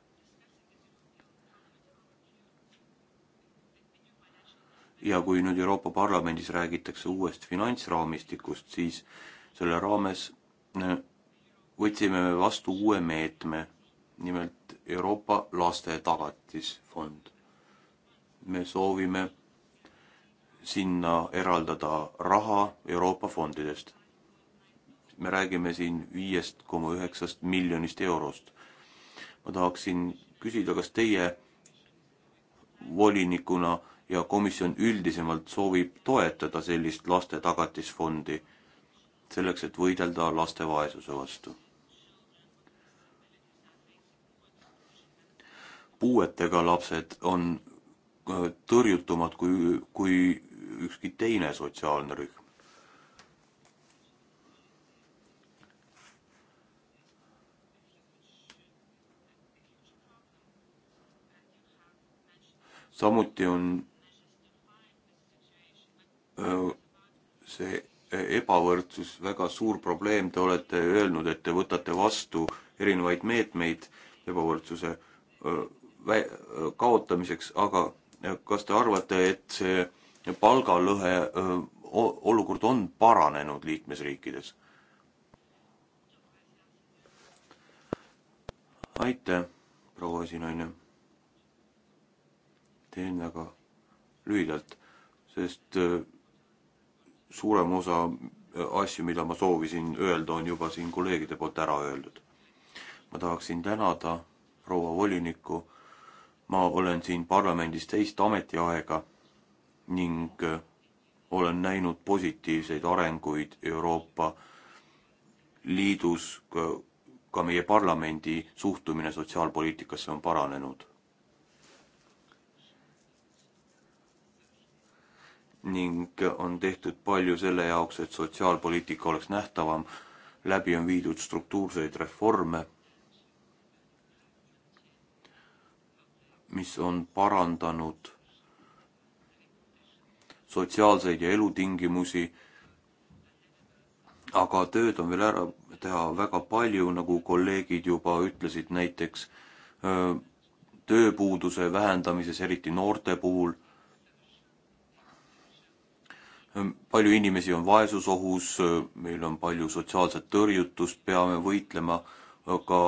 ja kui nüüd Euroopa Parlamendis räägitakse uuest finantsraamistikust, siis selle raames äh, võtsime me vastu uue meetme, nimelt Euroopa Laste Tagatisfond. me soovime sinna eraldada raha Euroopa fondidest. me räägime siin viiest koma üheksast miljonist eurost. ma tahaksin küsida, kas teie volinikuna ja komisjon üldisemalt soovib toetada sellist laste tagatisfondi selleks, et võidelda laste vaesuse vastu? puuetega lapsed on äh, tõrjutumad kui, kui ükski teine sotsiaalne rühm. samuti on see ebavõrdsus väga suur probleem, te olete öelnud, et te võtate vastu erinevaid meetmeid ebavõrdsuse kaotamiseks, aga kas te arvate, et see palgalõhe olukord on paranenud liikmesriikides. aitäh, proua esinaine. teen väga lühidalt, sest suurem osa asju, mida ma soovisin öelda, on juba siin kolleegide poolt ära öeldud. ma tahaksin tänada proua volinikku. ma olen siin parlamendis teist ametiaega ning äh, olen näinud positiivseid arenguid Euroopa Liidus, ka meie parlamendi suhtumine sotsiaalpoliitikasse on paranenud. ning äh, on tehtud palju selle jaoks, et sotsiaalpoliitika oleks nähtavam, läbi on viidud struktuurseid reforme, mis on parandanud sotsiaalseid ja elutingimusi, aga tööd on veel ära teha väga palju, nagu kolleegid juba ütlesid, näiteks tööpuuduse vähendamises, eriti noorte puhul. palju inimesi on vaesusohus, meil on palju sotsiaalset tõrjutust, peame võitlema ka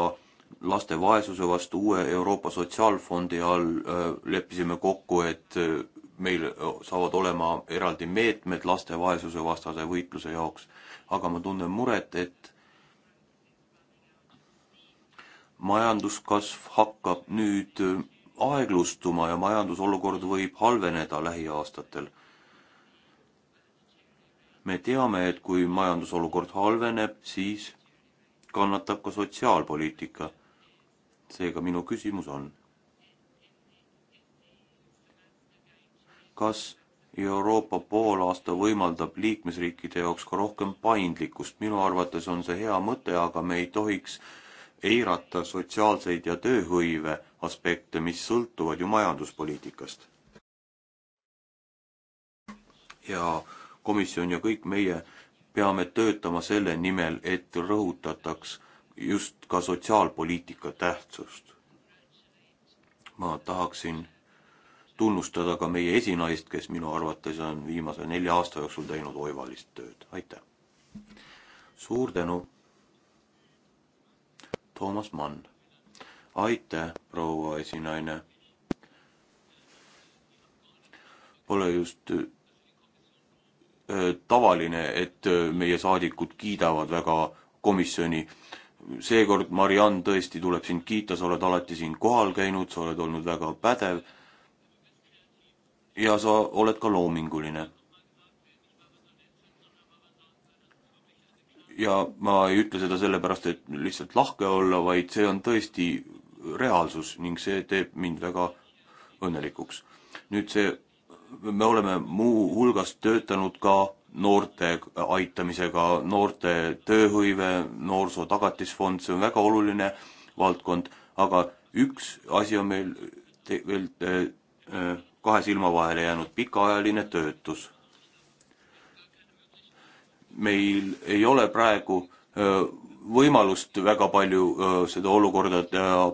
laste vaesuse vastu uue Euroopa Sotsiaalfondi all leppisime kokku, et meil saavad olema eraldi meetmed laste vaesuse vastase võitluse jaoks, aga ma tunnen muret, et majanduskasv hakkab nüüd aeglustuma ja majandusolukord võib halveneda lähiaastatel. me teame, et kui majandusolukord halveneb, siis kannatab ka sotsiaalpoliitika. seega minu küsimus on kas Euroopa poolaasta võimaldab liikmesriikide jaoks ka rohkem paindlikkust, minu arvates on see hea mõte, aga me ei tohiks eirata sotsiaalseid ja tööhõive aspekte, mis sõltuvad ju majanduspoliitikast. ja komisjon ja kõik meie peame töötama selle nimel, et rõhutataks just ka sotsiaalpoliitika tähtsust. ma tahaksin tunnustada ka meie esinaist, kes minu arvates on viimase nelja aasta jooksul teinud oivalist tööd, aitäh! suur tänu, Toomas Mann! aitäh, proua esinaine! Pole just äh, tavaline, et äh, meie saadikud kiidavad väga komisjoni. seekord, Mariann, tõesti tuleb sind kiita, sa oled alati siin kohal käinud, sa oled olnud väga pädev ja sa oled ka loominguline. ja ma ei ütle seda sellepärast, et lihtsalt lahke olla, vaid see on tõesti reaalsus ning see teeb mind väga õnnelikuks. nüüd see, me oleme muuhulgas töötanud ka noorte aitamisega, noorte tööhõive, noorsoo tagatisfond, see on väga oluline valdkond, aga üks asi on meil te veel te, te äh, kahe silma vahele jäänud pikaajaline töötus. meil ei ole praegu võimalust väga palju seda olukorda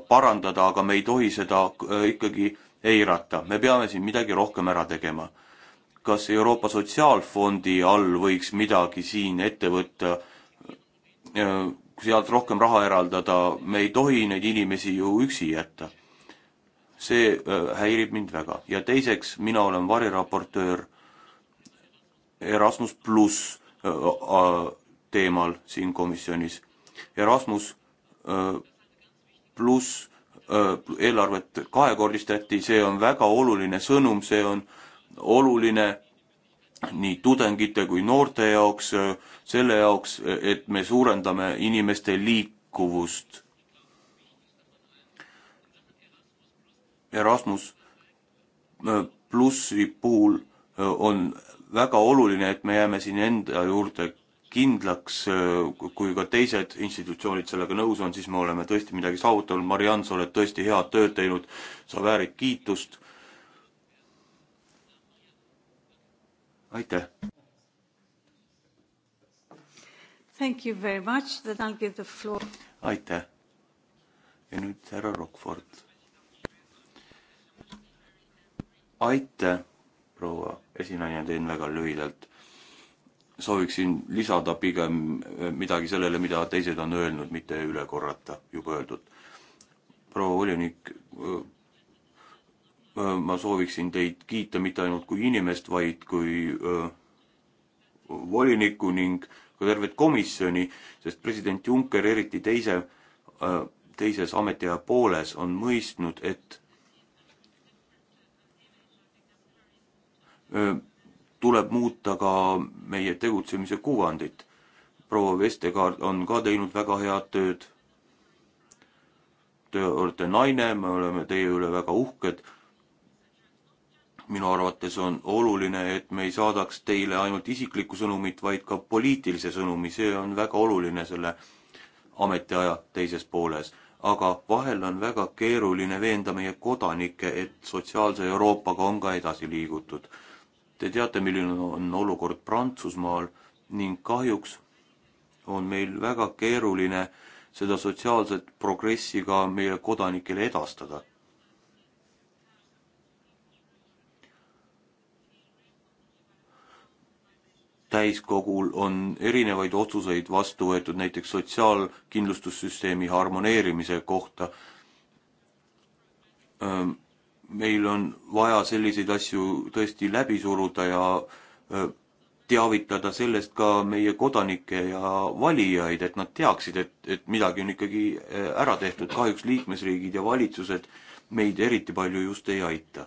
parandada, aga me ei tohi seda ikkagi eirata, me peame siin midagi rohkem ära tegema. kas Euroopa Sotsiaalfondi all võiks midagi siin ette võtta, sealt rohkem raha eraldada, me ei tohi neid inimesi ju üksi jätta see äh, häirib mind väga. ja teiseks, mina olen variraportöör Erasmus pluss äh, teemal siin komisjonis. Erasmus äh, pluss eelarvet kahekordistati, see on väga oluline sõnum, see on oluline nii tudengite kui noorte jaoks, selle jaoks, et me suurendame inimeste liikuvust Erasmus äh, plussi puhul äh, on väga oluline, et me jääme siin enda juurde kindlaks, äh, kui ka teised institutsioonid sellega nõus on, siis me oleme tõesti midagi saavutanud, Mariann, sa oled tõesti head tööd teinud, sa väärid kiitust. aitäh! Thank you very much, then I will give the floor. aitäh! ja nüüd härra Rockford aitäh, proua esinaine, teen väga lühidalt. sooviksin lisada pigem äh, midagi sellele, mida teised on öelnud, mitte üle korrata juba öeldut. proua volinik, äh, äh, ma sooviksin teid kiita mitte ainult kui inimest, vaid kui volinikku ning ka tervet komisjoni, sest president Juncker, eriti teise, teises ametiaja pooles on mõistnud, et tuleb muuta ka meie tegutsemise kuvandit. proua Vestekaart on ka teinud väga head tööd. Te olete naine, me oleme teie üle väga uhked. minu arvates on oluline, et me ei saadaks teile ainult isiklikku sõnumit, vaid ka poliitilise sõnumi, see on väga oluline selle ametiaja teises pooles. aga vahel on väga keeruline veenda meie kodanikke, et sotsiaalse Euroopaga on ka edasi liigutud Te teate, milline on olukord Prantsusmaal ning kahjuks on meil väga keeruline seda sotsiaalset progressi ka meie kodanikele edastada. täiskogul on erinevaid otsuseid vastu võetud näiteks sotsiaalkindlustussüsteemi harmoneerimise kohta ähm meil on vaja selliseid asju tõesti läbi suruda ja teavitada sellest ka meie kodanikke ja valijaid, et nad teaksid, et, et midagi on ikkagi ära tehtud, kahjuks liikmesriigid ja valitsused meid eriti palju just ei aita.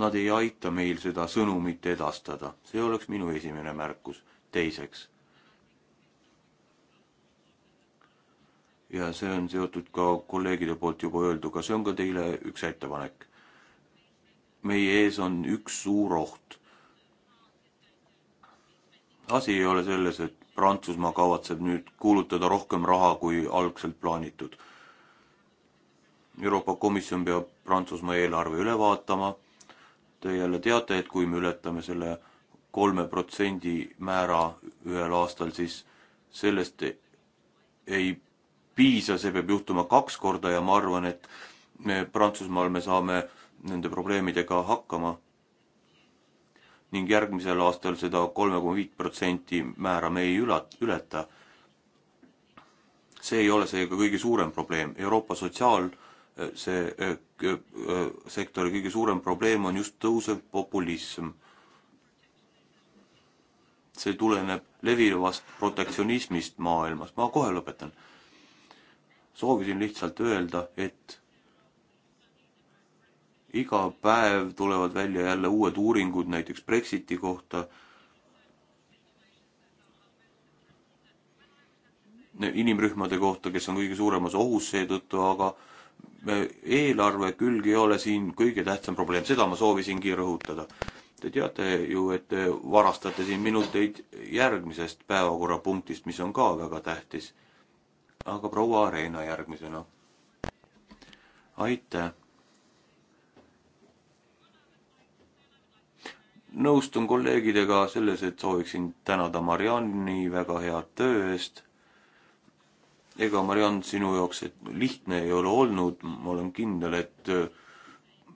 Nad ei aita meil seda sõnumit edastada, see oleks minu esimene märkus. teiseks ja see on seotud ka kolleegide poolt juba öelduga, see on ka teile üks ettepanek. meie ees on üks suur oht. asi ei ole selles, et Prantsusmaa kavatseb nüüd kuulutada rohkem raha, kui algselt plaanitud. Euroopa Komisjon peab Prantsusmaa eelarve üle vaatama. Te jälle teate, et kui me ületame selle kolme protsendi määra ühel aastal, siis sellest ei piisa, see peab juhtuma kaks korda ja ma arvan, et me Prantsusmaal me saame nende probleemidega hakkama. ning järgmisel aastal seda kolme koma viit protsenti määra me ei üla-, ületa. see ei ole seega kõige suurem probleem, Euroopa sotsiaal- see äh, äh, sektori kõige suurem probleem on just tõusev populism. see tuleneb levivast protektsionismist maailmas, ma kohe lõpetan soovisin lihtsalt öelda, et iga päev tulevad välja jälle uued uuringud näiteks Brexiti kohta. inimrühmade kohta, kes on kõige suuremas ohus seetõttu, aga eelarve külg ei ole siin kõige tähtsam probleem, seda ma soovisingi rõhutada. Te teate ju, et te varastate siin minuteid järgmisest päevakorrapunktist, mis on ka väga tähtis aga proua Areena järgmisena. aitäh. nõustun kolleegidega selles, et sooviksin tänada Marianni väga hea töö eest. ega Mariann, sinu jaoks lihtne ei ole olnud, ma olen kindel, et äh,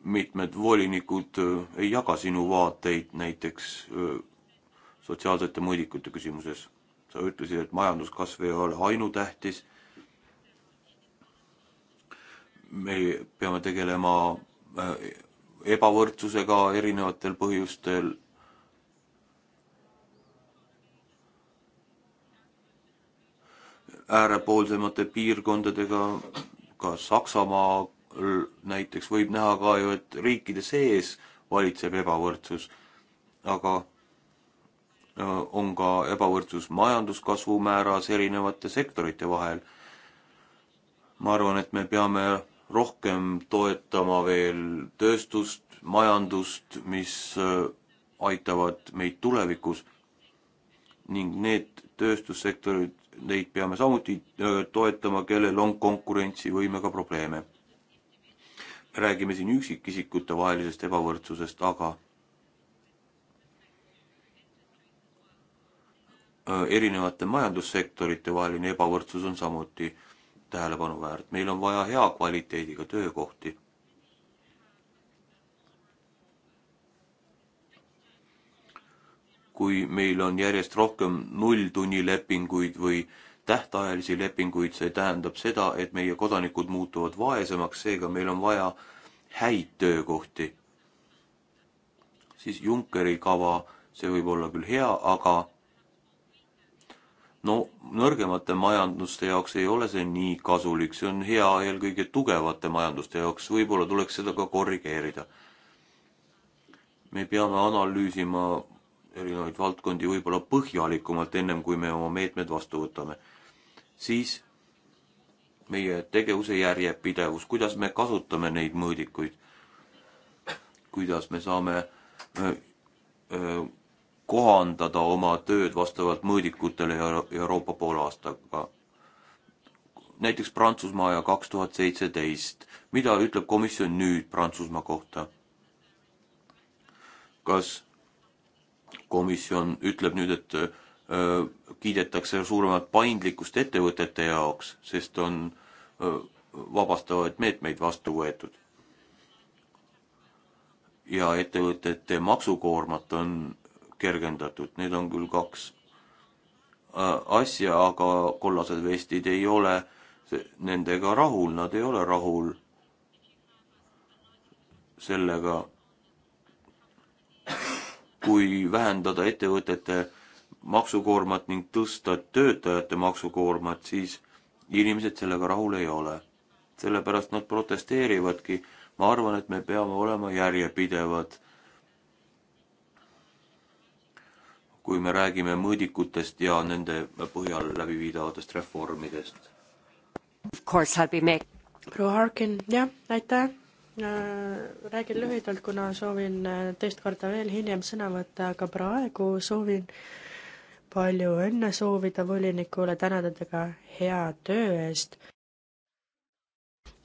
mitmed volinikud äh, ei jaga sinu vaateid näiteks äh, sotsiaalsete mõõdikute küsimuses. sa ütlesid, et majanduskasv ei ole ainutähtis me peame tegelema äh, ebavõrdsusega erinevatel põhjustel. äärepoolsemate piirkondadega, ka Saksamaal näiteks võib näha ka ju, et riikide sees valitseb ebavõrdsus, aga äh, on ka ebavõrdsus majanduskasvu määras erinevate sektorite vahel. ma arvan, et me peame rohkem toetama veel tööstust, majandust, mis äh, aitavad meid tulevikus ning need tööstussektorid, neid peame samuti äh, toetama, kellel on konkurentsivõimega probleeme. me räägime siin üksikisikute vahelisest ebavõrdsusest, aga äh, erinevate majandussektorite vaheline ebavõrdsus on samuti tähelepanuväärt, meil on vaja hea kvaliteediga töökohti. kui meil on järjest rohkem nulltunnilepinguid või tähtajalisi lepinguid, see tähendab seda, et meie kodanikud muutuvad vaesemaks, seega meil on vaja häid töökohti. siis Junckeri kava, see võib olla küll hea, aga no nõrgemate majanduste jaoks ei ole see nii kasulik, see on hea eelkõige tugevate majanduste jaoks, võib-olla tuleks seda ka korrigeerida. me peame analüüsima erinevaid valdkondi võib-olla põhjalikumalt, ennem kui me oma meetmed vastu võtame. siis meie tegevuse järjepidevus, kuidas me kasutame neid mõõdikuid, kuidas me saame öö, äh, öö, äh, kohandada oma tööd vastavalt mõõdikutele Euro Euroopa poolaastaga. näiteks Prantsusmaa ja kaks tuhat seitseteist. mida ütleb komisjon nüüd Prantsusmaa kohta? kas komisjon ütleb nüüd, et öö, äh, kiidetakse suuremat paindlikkust ettevõtete jaoks, sest on öö, äh, vabastavaid meetmeid vastu võetud? ja ettevõtete maksukoormat on kergendatud, need on küll kaks äh, asja, aga kollased vestid ei ole nendega rahul, nad ei ole rahul sellega, kui vähendada ettevõtete maksukoormat ning tõsta töötajate maksukoormat, siis inimesed sellega rahul ei ole. sellepärast nad protesteerivadki. ma arvan, et me peame olema järjepidevad kui me räägime mõõdikutest ja nende põhjal läbiviidavatest reformidest. proua Harkin, jah, aitäh. Äh, räägin lühidalt, kuna soovin äh, teist korda veel hiljem sõna võtta, aga praegu soovin palju õnne soovida volinikule, tänada teda hea töö eest.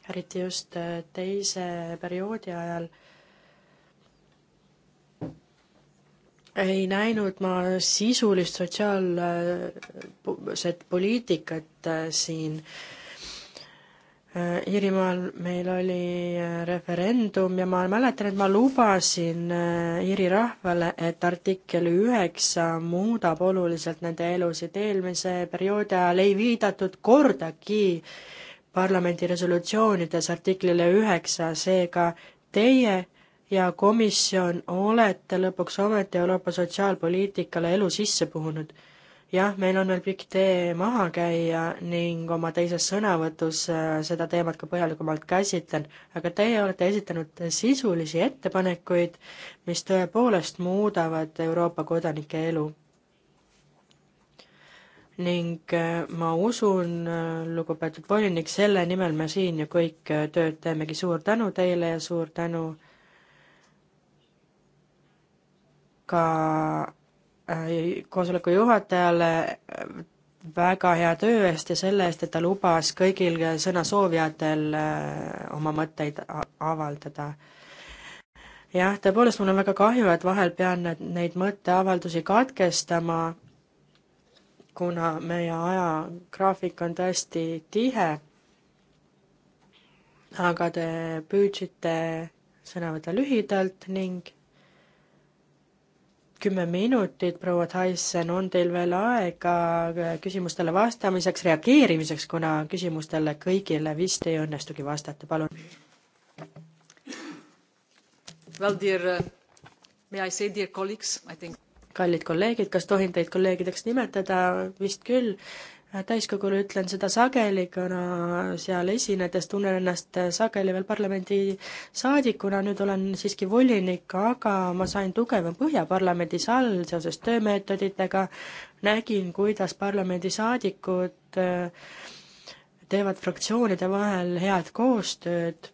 eriti just äh, teise perioodi ajal ei näinud ma sisulist sotsiaalset äh, poliitikat äh, siin. Äh, Iirimaal meil oli referendum ja ma mäletan, et ma lubasin Iiri rahvale, et artikkel üheksa muudab oluliselt nende elusid. eelmise perioodi ajal ei viidatud kordagi parlamendi resolutsioonides artiklile üheksa, seega teie ja komisjon olete lõpuks ometi Euroopa sotsiaalpoliitikale elu sisse puhunud. jah, meil on veel pikk tee maha käia ning oma teises sõnavõtus äh, seda teemat ka põhjalikumalt käsitlen, aga teie olete esitanud sisulisi ettepanekuid, mis tõepoolest muudavad Euroopa kodanike elu ning äh, ma usun, äh, lugupeetud volinik, selle nimel me siin ju kõik tööd teemegi. suur tänu teile ja suur tänu ka äh, koosoleku juhatajale äh, väga hea töö eest ja selle eest, et ta lubas kõigil sõnasoovijatel äh, oma mõtteid avaldada. jah, tõepoolest, mul on väga kahju, et vahel pean neid mõtteavaldusi katkestama, kuna meie ajagraafik on tõesti tihe. aga te püüdsite sõna võtta lühidalt ning kümme minutit, proua Tyson, on teil veel aega küsimustele vastamiseks, reageerimiseks, kuna küsimustele kõigile vist ei õnnestugi vastata, palun. Well, dear, uh, may I say dear colleagues, I think kallid kolleegid, kas tohin teid kolleegideks nimetada? vist küll. Äh, täiskogule ütlen seda sageli, kuna seal esinedes tunnen ennast äh, sageli veel parlamendi saadikuna, nüüd olen siiski volinik, aga ma sain tugeva põhja parlamendis all seoses töömeetoditega, nägin, kuidas parlamendisaadikud äh, teevad fraktsioonide vahel head koostööd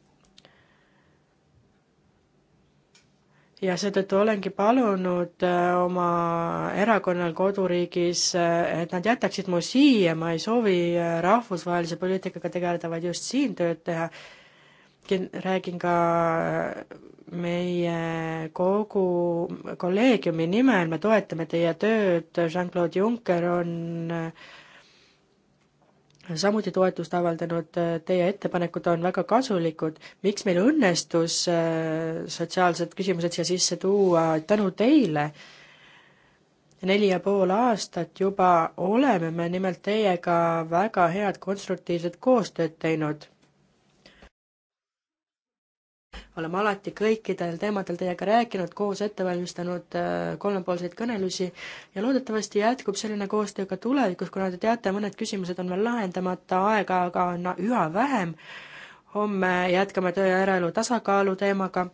ja seetõttu olengi palunud äh, oma erakonnal koduriigis, äh, et nad jätaksid mu siia, ma ei soovi äh, rahvusvahelise poliitikaga tegeleda, vaid just siin tööd teha. räägin ka meie kogu kolleegiumi nimel, me toetame teie tööd, Jean-Claude Juncker on äh, samuti toetust avaldanud, äh, teie ettepanekud on väga kasulikud. miks meil õnnestus äh, sotsiaalsed küsimused siia sisse tuua, tänu teile. neli ja pool aastat juba oleme me nimelt teiega väga head konstruktiivset koostööd teinud oleme alati kõikidel teemadel teiega rääkinud, koos ette valmistanud äh, kolmepoolseid kõnelusi ja loodetavasti jätkub selline koostöö ka tulevikus, kuna te teate, mõned küsimused on veel lahendamata, aega aga on üha vähem. homme jätkame töö ja eraelu tasakaalu teemaga.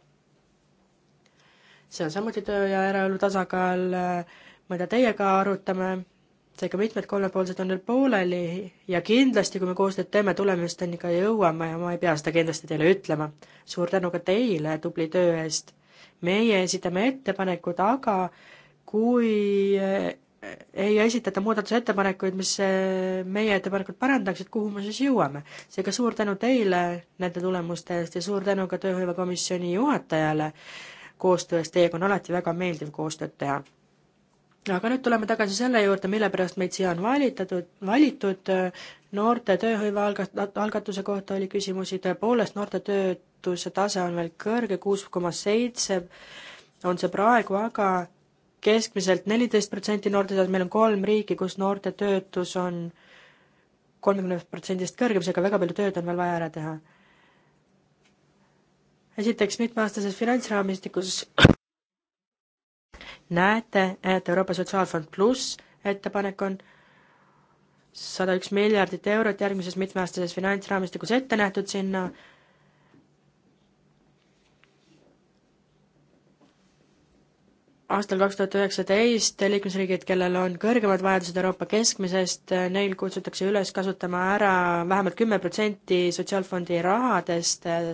see on samuti töö ja eraelu tasakaal, äh, mida teiega arutame seega mitmed kolmepoolsed on veel pooleli ja kindlasti, kui me koostööd teeme, tulemusteni ka jõuame ja ma ei pea seda kindlasti teile ütlema. suur tänu ka teile tubli töö eest. meie esitame ettepanekud, aga kui eh, ei esitata muudatusettepanekuid, mis eh, meie ettepanekud parandaksid, kuhu me siis jõuame. seega suur tänu teile nende tulemuste eest ja suur tänu ka Tööhõivekomisjoni juhatajale koostöö eest, teiega on alati väga meeldiv koostööd teha aga nüüd tuleme tagasi selle juurde, mille pärast meid siia on valitatud, valitud. noorte tööhõive algat-, algatuse kohta oli küsimusi, tõepoolest noorte töötuse tase on veel kõrge, kuus koma seitse on see praegu, aga keskmiselt neliteist protsenti noorte seas, meil on kolm riiki, kus noorte töötus on kolmekümnest protsendist kõrgem, seega väga palju tööd on veel vaja ära teha. esiteks mitmeaastases finantsraamistikus näete, et Euroopa Sotsiaalfond pluss ettepanek on sada üks miljardit eurot järgmises mitmeaastases finantsraamistikus ette nähtud sinna. aastal kaks tuhat üheksateist liikmesriigid, kellel on kõrgemad vajadused Euroopa keskmisest, neil kutsutakse üles kasutama ära vähemalt kümme protsenti sotsiaalfondi rahadest äh,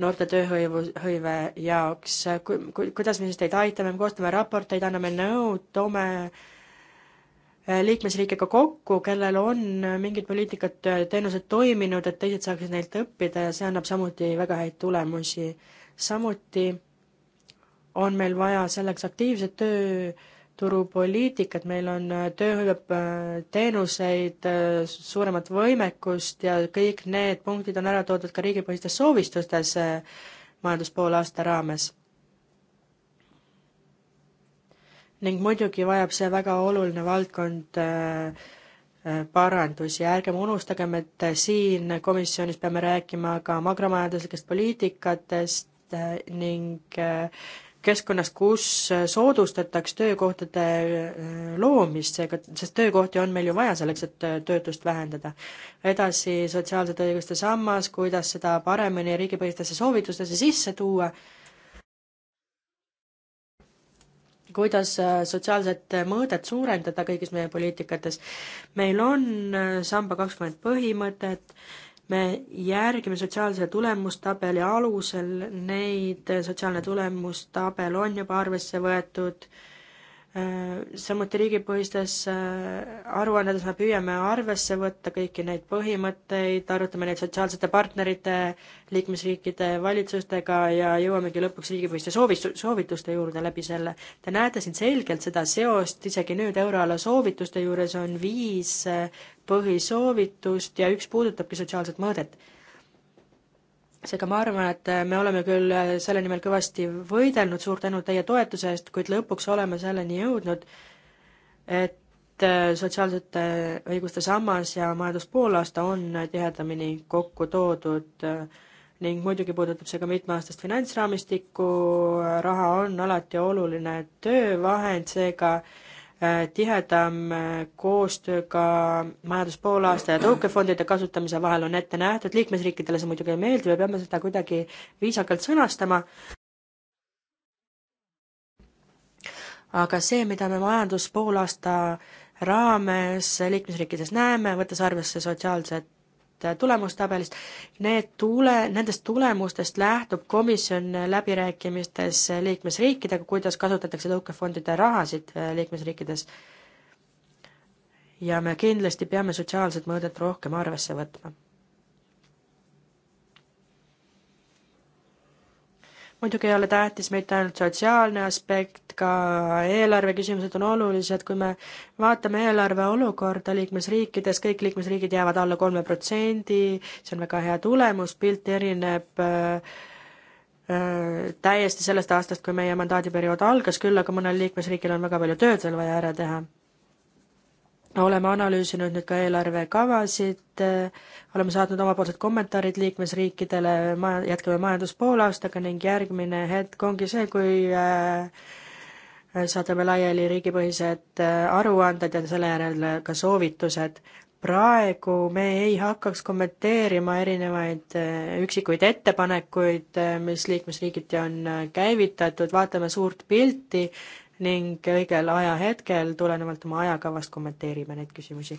noorte tööhõive jaoks, ku-, kuidas me siis teid aitame, me koostame raporteid, anname nõu, toome eh, liikmesriikidega kokku, kellel on eh, mingid poliitikad, eh, teenused toiminud, et teised saaksid neilt õppida ja see annab samuti väga häid tulemusi. samuti on meil vaja selleks aktiivset töö, turupoliitikat, meil on äh, tööhõiveteenuseid, äh, äh, suuremat võimekust ja kõik need punktid on ära toodud ka riigipõhistes soovistustes majanduspoole aasta raames. ning muidugi vajab see väga oluline valdkond parandusi, ärgem unustagem, et siin komisjonis peame rääkima ka makromajanduslikest poliitikatest ning keskkonnas, kus soodustataks töökohtade äh, loomist, seega, sest töökohti on meil ju vaja selleks, et äh, töötust vähendada. edasi sotsiaalsete õiguste sammas, kuidas seda paremini riigipõhistesse soovitustesse sisse tuua, kuidas äh, sotsiaalset mõõdet suurendada kõigis meie poliitikates. meil on samba kakskümmend põhimõtet, me järgime sotsiaalse tulemustabeli alusel neid, sotsiaalne tulemustabel on juba arvesse võetud Äh, samuti riigipõhistes äh, aruannetes me püüame arvesse võtta kõiki neid põhimõtteid, arutame neid sotsiaalsete partnerite, liikmesriikide valitsustega ja jõuamegi lõpuks riigipõhiste soovis-, soovituste juurde läbi selle. Te näete siin selgelt seda seost, isegi nüüd euroala soovituste juures on viis äh, põhisoovitust ja üks puudutabki sotsiaalset mõõdet seega ma arvan, et me oleme küll selle nimel kõvasti võidelnud, suur tänu teie toetuse eest, kuid lõpuks oleme selleni jõudnud, et sotsiaalsete õiguste sammas ja majanduspoolaasta on tihedamini kokku toodud ning muidugi puudutab see ka mitmeaastast finantsraamistikku, raha on alati oluline töövahend, seega äh, Äh, tihedam äh, koostöö ka majanduspoolaasta ja tõukefondide kasutamise vahel on ette nähtud, liikmesriikidele see muidugi ei meeldi, me peame seda kuidagi viisakalt sõnastama. aga see, mida me majanduspoolaasta raames liikmesriikides näeme, võttes arvesse sotsiaalset Äh, tulemustabelist, need tule, nendest tulemustest lähtub komisjon äh, läbirääkimistes äh, liikmesriikidega, kuidas kasutatakse tõukefondide rahasid liikmesriikides. ja me kindlasti peame sotsiaalset mõõdet rohkem arvesse võtma muidugi ei ole tähtis mitte ainult sotsiaalne aspekt, ka eelarve küsimused on olulised, kui me vaatame eelarve olukorda liikmesriikides, kõik liikmesriigid jäävad alla kolme protsendi, see on väga hea tulemus, pilt erineb äh, äh, täiesti sellest aastast, kui meie mandaadiperiood algas, küll aga mõnel liikmesriigil on väga palju tööd veel vaja ära teha oleme analüüsinud nüüd ka eelarvekavasid, äh, oleme saatnud omapoolsed kommentaarid liikmesriikidele, maja, jätkame majanduspoolaastaga ning järgmine hetk ongi see, kui äh, saadame laiali riigipõhised äh, aruanded ja selle järel ka soovitused. praegu me ei hakkaks kommenteerima erinevaid üksikuid ettepanekuid, mis liikmesriigiti on käivitatud, vaatame suurt pilti ning õigel ajahetkel tulenevalt oma ajakavast kommenteerime neid küsimusi.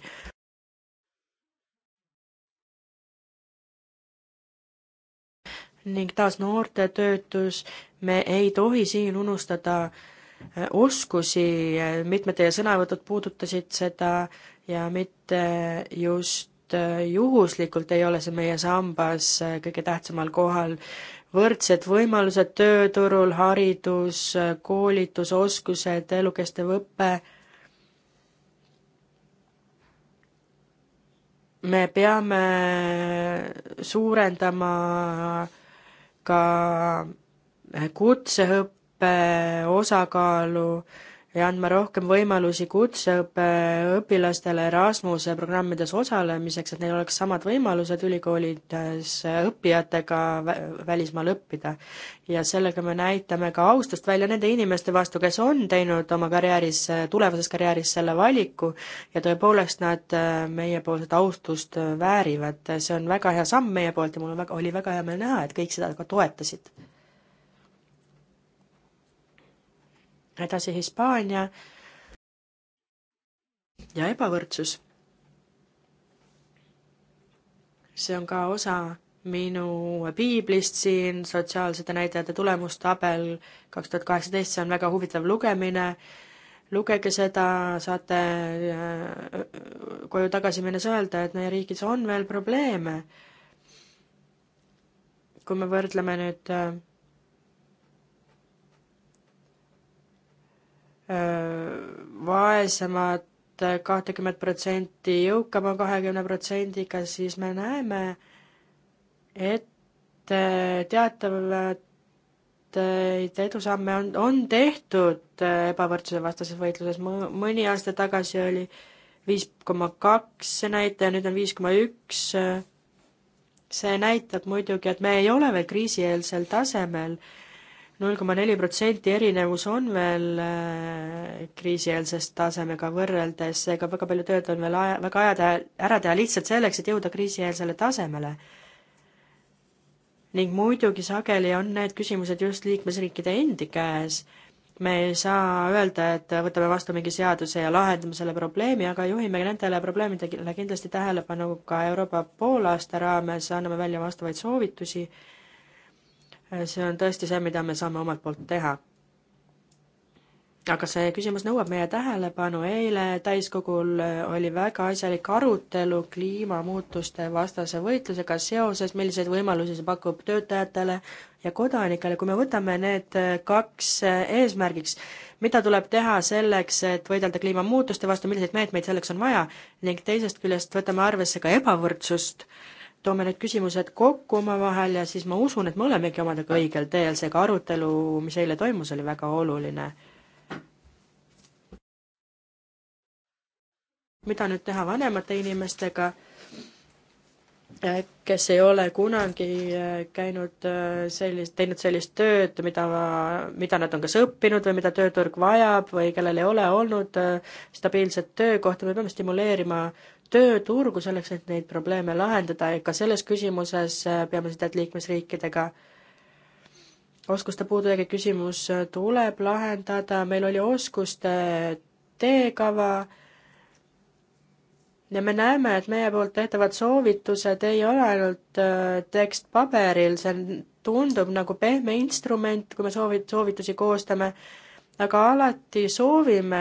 ning taas noortetöötus, me ei tohi siin unustada äh, oskusi, mitmed teie sõnavõtud puudutasid seda ja mitte just äh, juhuslikult ei ole see meie sambas äh, kõige tähtsamal kohal võrdsed võimalused tööturul, haridus, koolitus, oskused, elukestev õpe. me peame suurendama ka kutseõppe osakaalu ja andma rohkem võimalusi kutseõppeõpilastele Erasmuse programmides osalemiseks, et neil oleks samad võimalused ülikoolides õppijatega välismaal õppida. ja sellega me näitame ka austust välja nende inimeste vastu, kes on teinud oma karjääris, tulevases karjääris selle valiku ja tõepoolest nad äh, meiepoolset austust äh, väärivad. see on väga hea samm meie poolt ja mul on väga, oli väga hea meel näha, et kõik seda ka toetasid edasi Hispaania ja ebavõrdsus. see on ka osa minu piiblist siin, sotsiaalsete näitajate tulemustabel kaks tuhat kaheksateist, see on väga huvitav lugemine, lugege seda, saate äh, koju tagasi minnes öelda, et meie riigis on veel probleeme. kui me võrdleme nüüd äh, vaesemad kahtekümmet protsenti jõukama kahekümne protsendiga, siis me näeme, et äh, teatavaid edusamme on, on tehtud äh, ebavõrdsuse vastases võitluses, mõni aasta tagasi oli viis koma kaks see näitaja, nüüd on viis koma üks, see näitab muidugi, et me ei ole veel kriisieelsel tasemel null koma neli protsenti erinevus on veel äh, kriisieelsest tasemega võrreldes, seega väga palju tööd on veel aja, väga aja teha, ära teha lihtsalt selleks, et jõuda kriisieelsele tasemele. ning muidugi sageli on need küsimused just liikmesriikide endi käes. me ei saa öelda, et võtame vastu mingi seaduse ja lahendame selle probleemi, aga juhime nendele probleemidele kindlasti tähelepanu ka Euroopa poolaasta raames, anname välja vastavaid soovitusi Äh, see on tõesti see, mida me saame omalt poolt teha. aga see küsimus nõuab meie tähelepanu, eile täiskogul äh, oli väga asjalik arutelu kliimamuutuste vastase võitlusega seoses, milliseid võimalusi see pakub töötajatele ja kodanikele, kui me võtame need äh, kaks eesmärgiks, mida tuleb teha selleks, et võidelda kliimamuutuste vastu, milliseid meetmeid selleks on vaja, ning teisest küljest võtame arvesse ka ebavõrdsust, toome need küsimused kokku omavahel ja siis ma usun, et me olemegi omadega õigel teel, seega arutelu, mis eile toimus, oli väga oluline. mida nüüd teha vanemate inimestega, eh, kes ei ole kunagi eh, käinud eh, sellist, teinud sellist tööd, mida, mida nad on kas õppinud või mida tööturg vajab või kellel ei ole olnud stabiilset töökohta, me peame stimuleerima tööturgu selleks, et neid probleeme lahendada ja ka selles küsimuses äh, peame sidet liikmesriikidega. oskuste puudujäägi küsimus äh, tuleb lahendada, meil oli oskuste äh, teekava ja me näeme, et meie poolt tehtavad soovitused ei ole ainult tekst paberil, see tundub nagu pehme instrument, kui me soovid, soovitusi koostame, aga alati soovime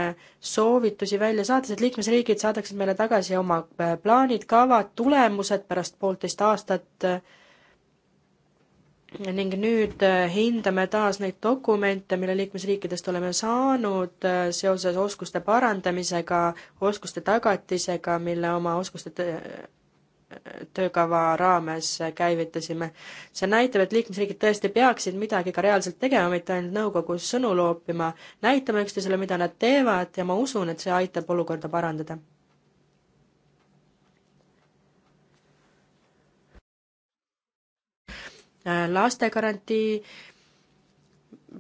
soovitusi välja saates, et liikmesriigid saadaksid meile tagasi oma äh, plaanid, kavad, tulemused pärast poolteist aastat ning nüüd äh, hindame taas neid dokumente, mille liikmesriikidest oleme saanud äh, seoses oskuste parandamisega, oskuste tagatisega, mille oma oskuste töökava raames käivitasime. see näitab, et liikmesriigid tõesti peaksid midagi ka reaalselt tegema, mitte ainult nõukogus sõnu loopima, näitama üksteisele, mida nad teevad ja ma usun, et see aitab olukorda parandada. lastegarantii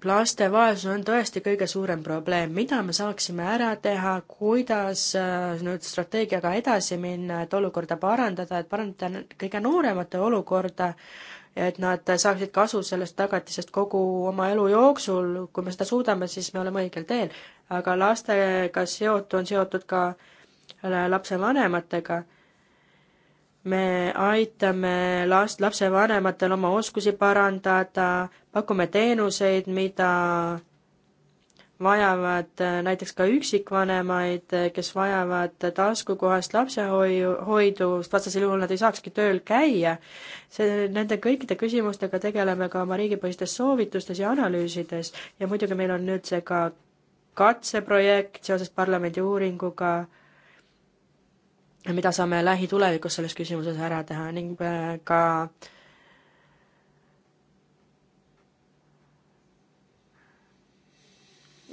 laste vaesus on tõesti kõige suurem probleem, mida me saaksime ära teha, kuidas äh, nüüd strateegiaga edasi minna, et olukorda parandada, et parandada kõige nooremate olukorda, et nad saaksid kasu sellest tagatisest kogu oma elu jooksul, kui me seda suudame, siis me oleme õigel teel. aga lastega seotu on seotud ka äh, lapsevanematega me aitame last, lapsevanematel oma oskusi parandada, pakume teenuseid, mida vajavad äh, näiteks ka üksikvanemaid, äh, kes vajavad taskukohast lapsehoiu, hoidu, sest vastasel juhul nad ei saakski tööl käia. see, nende kõikide küsimustega tegeleme ka oma riigipõhistes soovitustes ja analüüsides ja muidugi meil on nüüd see ka katseprojekt seoses parlamendi uuringuga mida saame lähitulevikus selles küsimuses ära teha ning äh, ka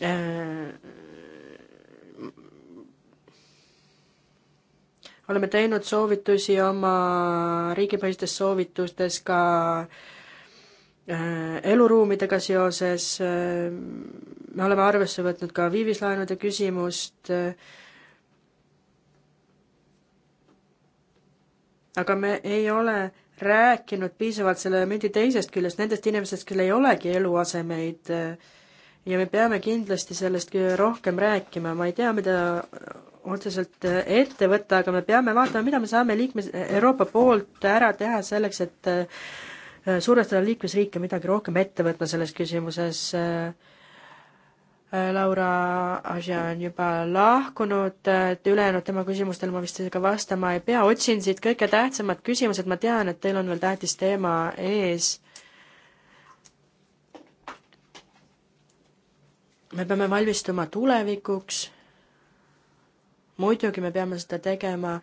äh, oleme teinud soovitusi oma riigipõhistes soovitustes ka äh, eluruumidega seoses, me oleme arvesse võtnud ka viivislaenude küsimust, aga me ei ole rääkinud piisavalt selle mündi teisest küljest, nendest inimestest, kellel ei olegi eluasemeid ja me peame kindlasti sellest rohkem rääkima, ma ei tea, mida otseselt ette võtta, aga me peame vaatama, mida me saame liikmes, Euroopa poolt ära teha selleks, et survestada liikmesriike midagi rohkem ette võtma selles küsimuses äh, Eh, Laura Asia on juba lahkunud, eh, ülejäänud tema küsimustele ma vist ka vastama ei pea, otsin siit kõige tähtsamad küsimused, ma tean, et teil on veel tähtis teema ees. me peame valmistuma tulevikuks, muidugi me peame seda tegema,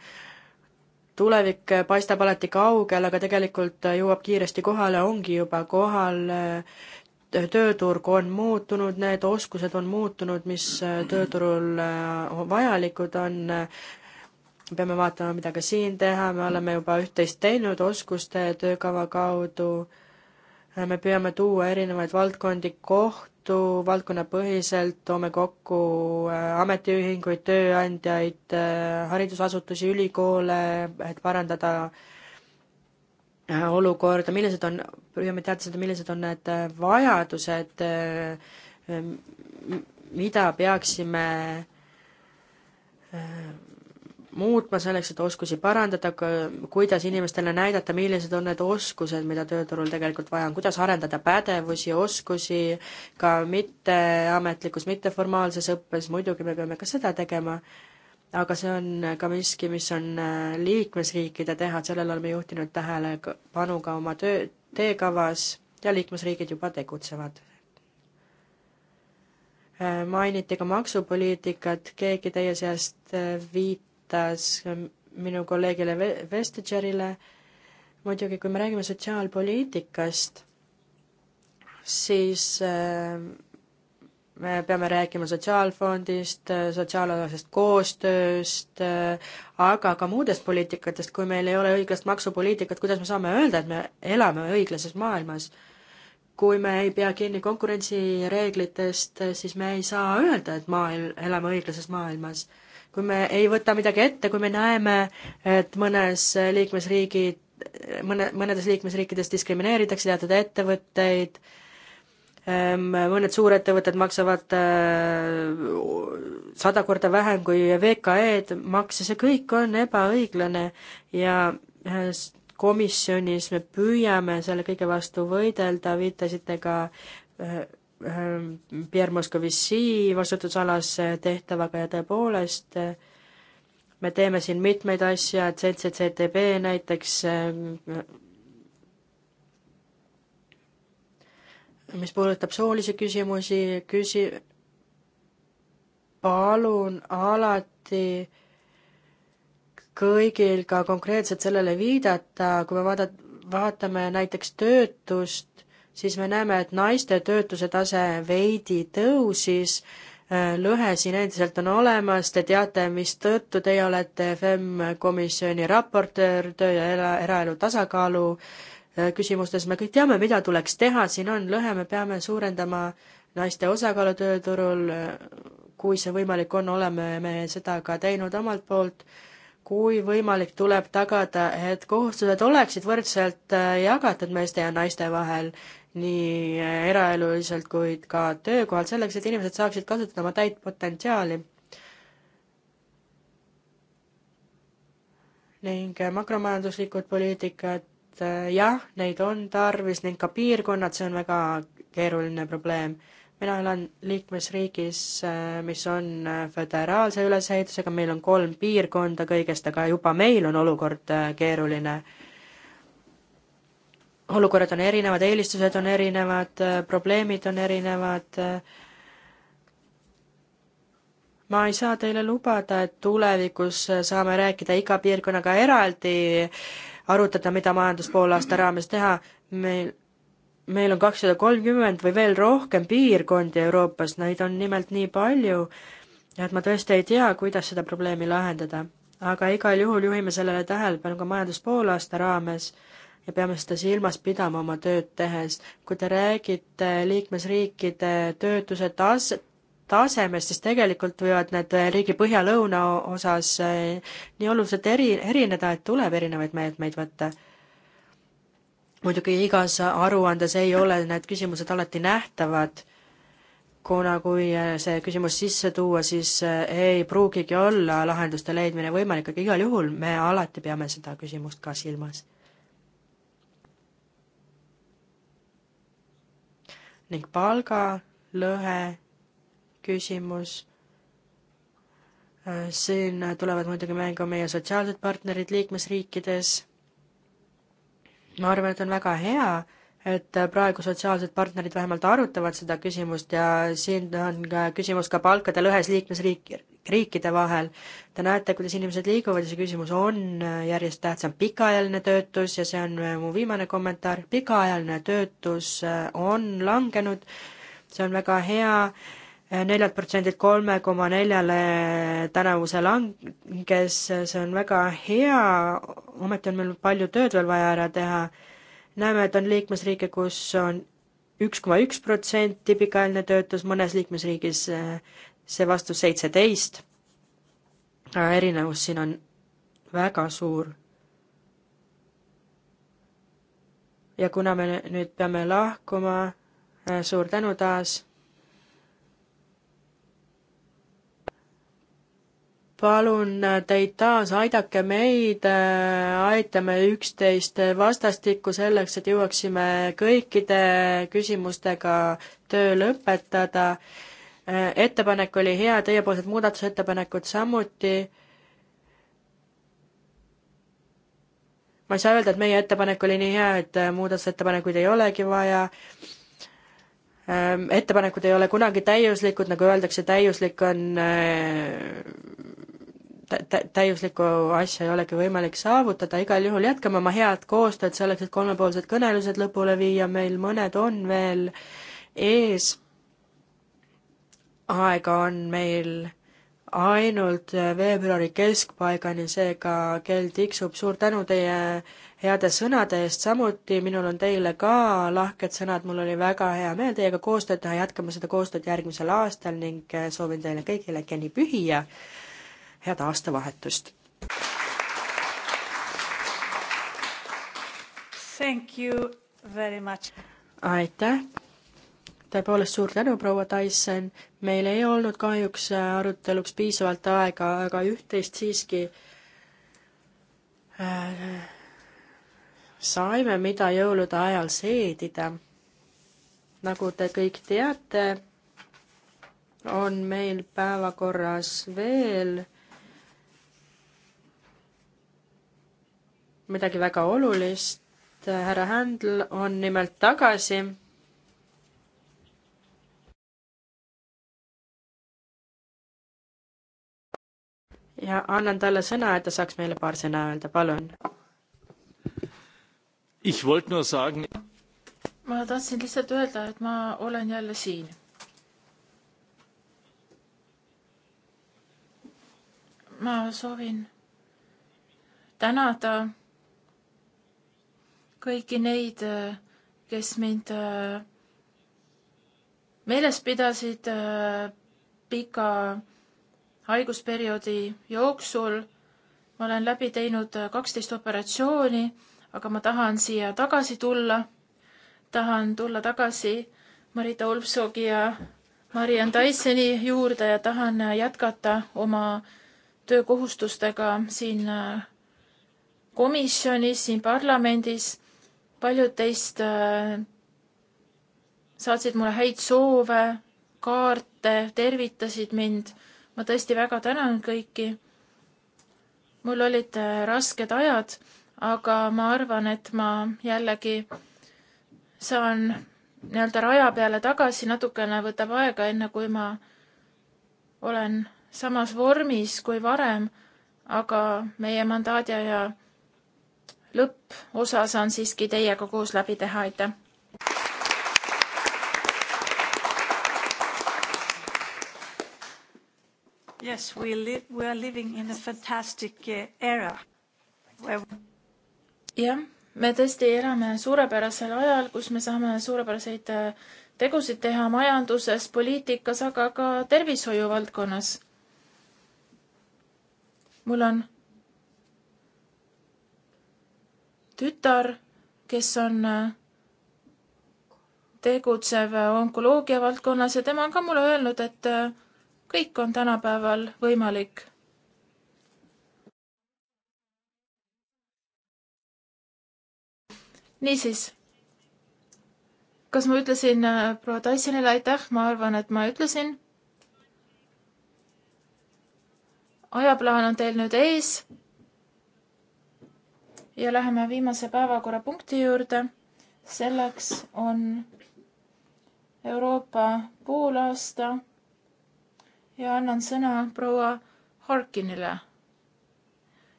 tulevik paistab alati kaugel, aga tegelikult jõuab kiiresti kohale, ongi juba kohal, tööturg on muutunud, need oskused on muutunud, mis äh, tööturul äh, vajalikud on, me peame vaatama, mida ka siin teha, me oleme juba üht-teist teinud oskuste töökava kaudu, äh, me püüame tuua erinevaid valdkondi kohtu, valdkonnapõhiselt toome kokku ametiühinguid, tööandjaid, haridusasutusi, ülikoole, et parandada äh, Äh, olukorda, millised on, püüame teada saada, millised on need äh, vajadused, äh, mida peaksime muutma selleks, et oskusi parandada, kuidas inimestele näidata, millised on need oskused, mida tööturul tegelikult vaja on, kuidas arendada pädevusi, oskusi ka mitteametlikus, mitteformaalses õppes, muidugi me peame ka seda tegema aga see on ka miski, mis on äh, liikmesriikide teha, sellele oleme juhtinud tähelepanu ka oma töö, teekavas ja liikmesriigid juba tegutsevad. Äh, mainiti ka maksupoliitikat, keegi teie seast äh, viitas minu kolleegile Vestagerile, muidugi kui me räägime sotsiaalpoliitikast, siis äh, me peame rääkima sotsiaalfondist, sotsiaalalasest koostööst, aga ka muudest poliitikatest, kui meil ei ole õiglast maksupoliitikat, kuidas me saame öelda, et me elame õiglases maailmas? kui me ei pea kinni konkurentsireeglitest, siis me ei saa öelda, et maailm, elame õiglases maailmas. kui me ei võta midagi ette, kui me näeme, et mõnes liikmesriigid, mõne, mõnedes liikmesriikides diskrimineeritakse teatud ettevõtteid, Ehm, mõned suurettevõtted maksavad äh, sada korda vähem kui VKE-d makse, see kõik on ebaõiglane ja äh, komisjonis me püüame selle kõige vastu võidelda, viitasite ka äh, Pierre Moscovici vastutusalas tehtavaga ja tõepoolest me teeme siin mitmeid asju, et CCCTB näiteks mis puudutab soolisi küsimusi, küsi-, palun alati kõigil ka konkreetselt sellele viidata, kui me vaada-, vaatame näiteks töötust, siis me näeme, et naiste töötuse tase veidi tõusis, lõhe siin endiselt on olemas, te teate, mistõttu teie olete FM komisjoni raportöör töö ja era, eraelu tasakaalu äh, Äh, küsimustes, me kõik teame, mida tuleks teha, siin on lõhe, me peame suurendama naiste osakaalu tööturul, kui see võimalik on, oleme me seda ka teinud omalt poolt, kui võimalik, tuleb tagada, et kohustused oleksid võrdselt äh, jagatud meeste ja naiste vahel, nii äh, eraeluliselt kui ka töökohal, selleks et inimesed saaksid kasutada oma täit potentsiaali. ning makromajanduslikud poliitikad et äh, jah, neid on tarvis ning ka piirkonnad, see on väga keeruline probleem. mina elan liikmesriigis, äh, mis on äh, föderaalse ülesehitusega, meil on kolm piirkonda kõigest, aga juba meil on olukord keeruline. olukorrad on erinevad, eelistused on erinevad, probleemid on erinevad ma ei saa teile lubada, et tulevikus saame rääkida iga piirkonnaga eraldi arutada, mida majanduspoolaasta raames teha, meil, meil on kakssada kolmkümmend või veel rohkem piirkondi Euroopas, neid on nimelt nii palju, et ma tõesti ei tea, kuidas seda probleemi lahendada. aga igal juhul juhime sellele tähelepanu ka majanduspoolaasta raames ja peame seda silmas pidama oma tööd tehes. kui te räägite liikmesriikide töötuse tas-, tasemest, siis tegelikult võivad need eh, riigi põhja-lõuna osas eh, nii oluliselt eri, erineda, et tuleb erinevaid meetmeid võtta. muidugi igas aruandes ei ole need küsimused alati nähtavad, kuna kui eh, see küsimus sisse tuua, siis ei pruugigi olla lahenduste leidmine võimalik, aga igal juhul me alati peame seda küsimust ka silmas ning palgalõhe küsimus. Äh, siin tulevad muidugi mängu meie sotsiaalsed partnerid liikmesriikides. ma arvan, et on väga hea, et praegu sotsiaalsed partnerid vähemalt arutavad seda küsimust ja siin on ka küsimus ka palkade lõhes liikmesriik, riikide vahel. Te näete, kuidas inimesed liiguvad ja see küsimus on järjest tähtsam. pikaajaline töötus ja see on mu viimane kommentaar, pikaajaline töötus on langenud, see on väga hea neljalt protsendilt kolme koma neljale tänavuse langes, see on väga hea, ometi on meil palju tööd veel vaja ära teha. näeme, et on liikmesriike, kus on üks koma üks protsenti pikaajaline töötus, mõnes liikmesriigis eh, see vastus seitseteist. erinevus siin on väga suur. ja kuna me nüüd peame lahkuma, eh, suur tänu taas palun äh, teid taas, aidake meid, äh, aitame üksteist vastastikku selleks, et jõuaksime kõikide küsimustega töö lõpetada. Äh, ettepanek oli hea, teiepoolsed muudatusettepanekud samuti. ma ei saa öelda, et meie ettepanek oli nii hea, et muudatusettepanekuid ei olegi vaja Ähm, ettepanekud ei ole kunagi täiuslikud, nagu öeldakse, täiuslik on äh, tä-, täiuslikku asja ei olegi võimalik saavutada, igal juhul jätkame oma head koostööd selleks, et kolmepoolsed kõnelused lõpule viia, meil mõned on veel ees, aega on meil ainult veebruari keskpaigani, seega kell tiksub, suur tänu teie heade sõnade eest, samuti minul on teile ka lahked sõnad, mul oli väga hea meel teiega koostööd teha, jätkame seda koostööd järgmisel aastal ning eh, soovin teile kõigile geni pühi ja head aastavahetust! Thank you very much! aitäh! tõepoolest suur tänu, proua Tyson, meil ei olnud kahjuks eh, aruteluks piisavalt aega, aga üht-teist siiski äh, saime, mida jõulude ajal seedida. nagu te kõik teate, on meil päevakorras veel midagi väga olulist. härra Händl on nimelt tagasi ja annan talle sõna, et ta saaks meile paar sõna öelda, palun. Ich wollte nur sagen. ma tahtsin lihtsalt öelda, et ma olen jälle siin. ma soovin tänada kõiki neid, kes mind äh, meeles pidasid äh, pika haigusperioodi jooksul. ma olen läbi teinud äh, kaksteist operatsiooni aga ma tahan siia tagasi tulla. tahan tulla tagasi Marita Ulfsoogi ja Mariann Tysoni juurde ja tahan jätkata oma töökohustustega siin äh, komisjonis, siin parlamendis. paljud teist äh, saatsid mulle häid soove, kaarte, tervitasid mind. ma tõesti väga tänan kõiki. mul olid äh, rasked ajad aga ma arvan, et ma jällegi saan nii-öelda raja peale tagasi, natukene võtab aega, enne kui ma olen samas vormis kui varem, aga meie mandaadi aja lõpposa saan siiski teiega koos läbi teha, aitäh! Yes, we, li we are living in a fantastic eh, era where jah, me tõesti elame suurepärasel ajal, kus me saame suurepäraseid äh, tegusid teha majanduses, poliitikas, aga ka tervishoiu valdkonnas. mul on tütar, kes on äh, tegutsev onkoloogia valdkonnas ja tema on ka mulle öelnud, et äh, kõik on tänapäeval võimalik niisiis, kas ma ütlesin äh, proua Tysonile aitäh, ma arvan, et ma ütlesin. ajaplaan on teil nüüd ees. ja läheme viimase päevakorrapunkti juurde. selleks on Euroopa poolaasta ja annan sõna proua Harkinile.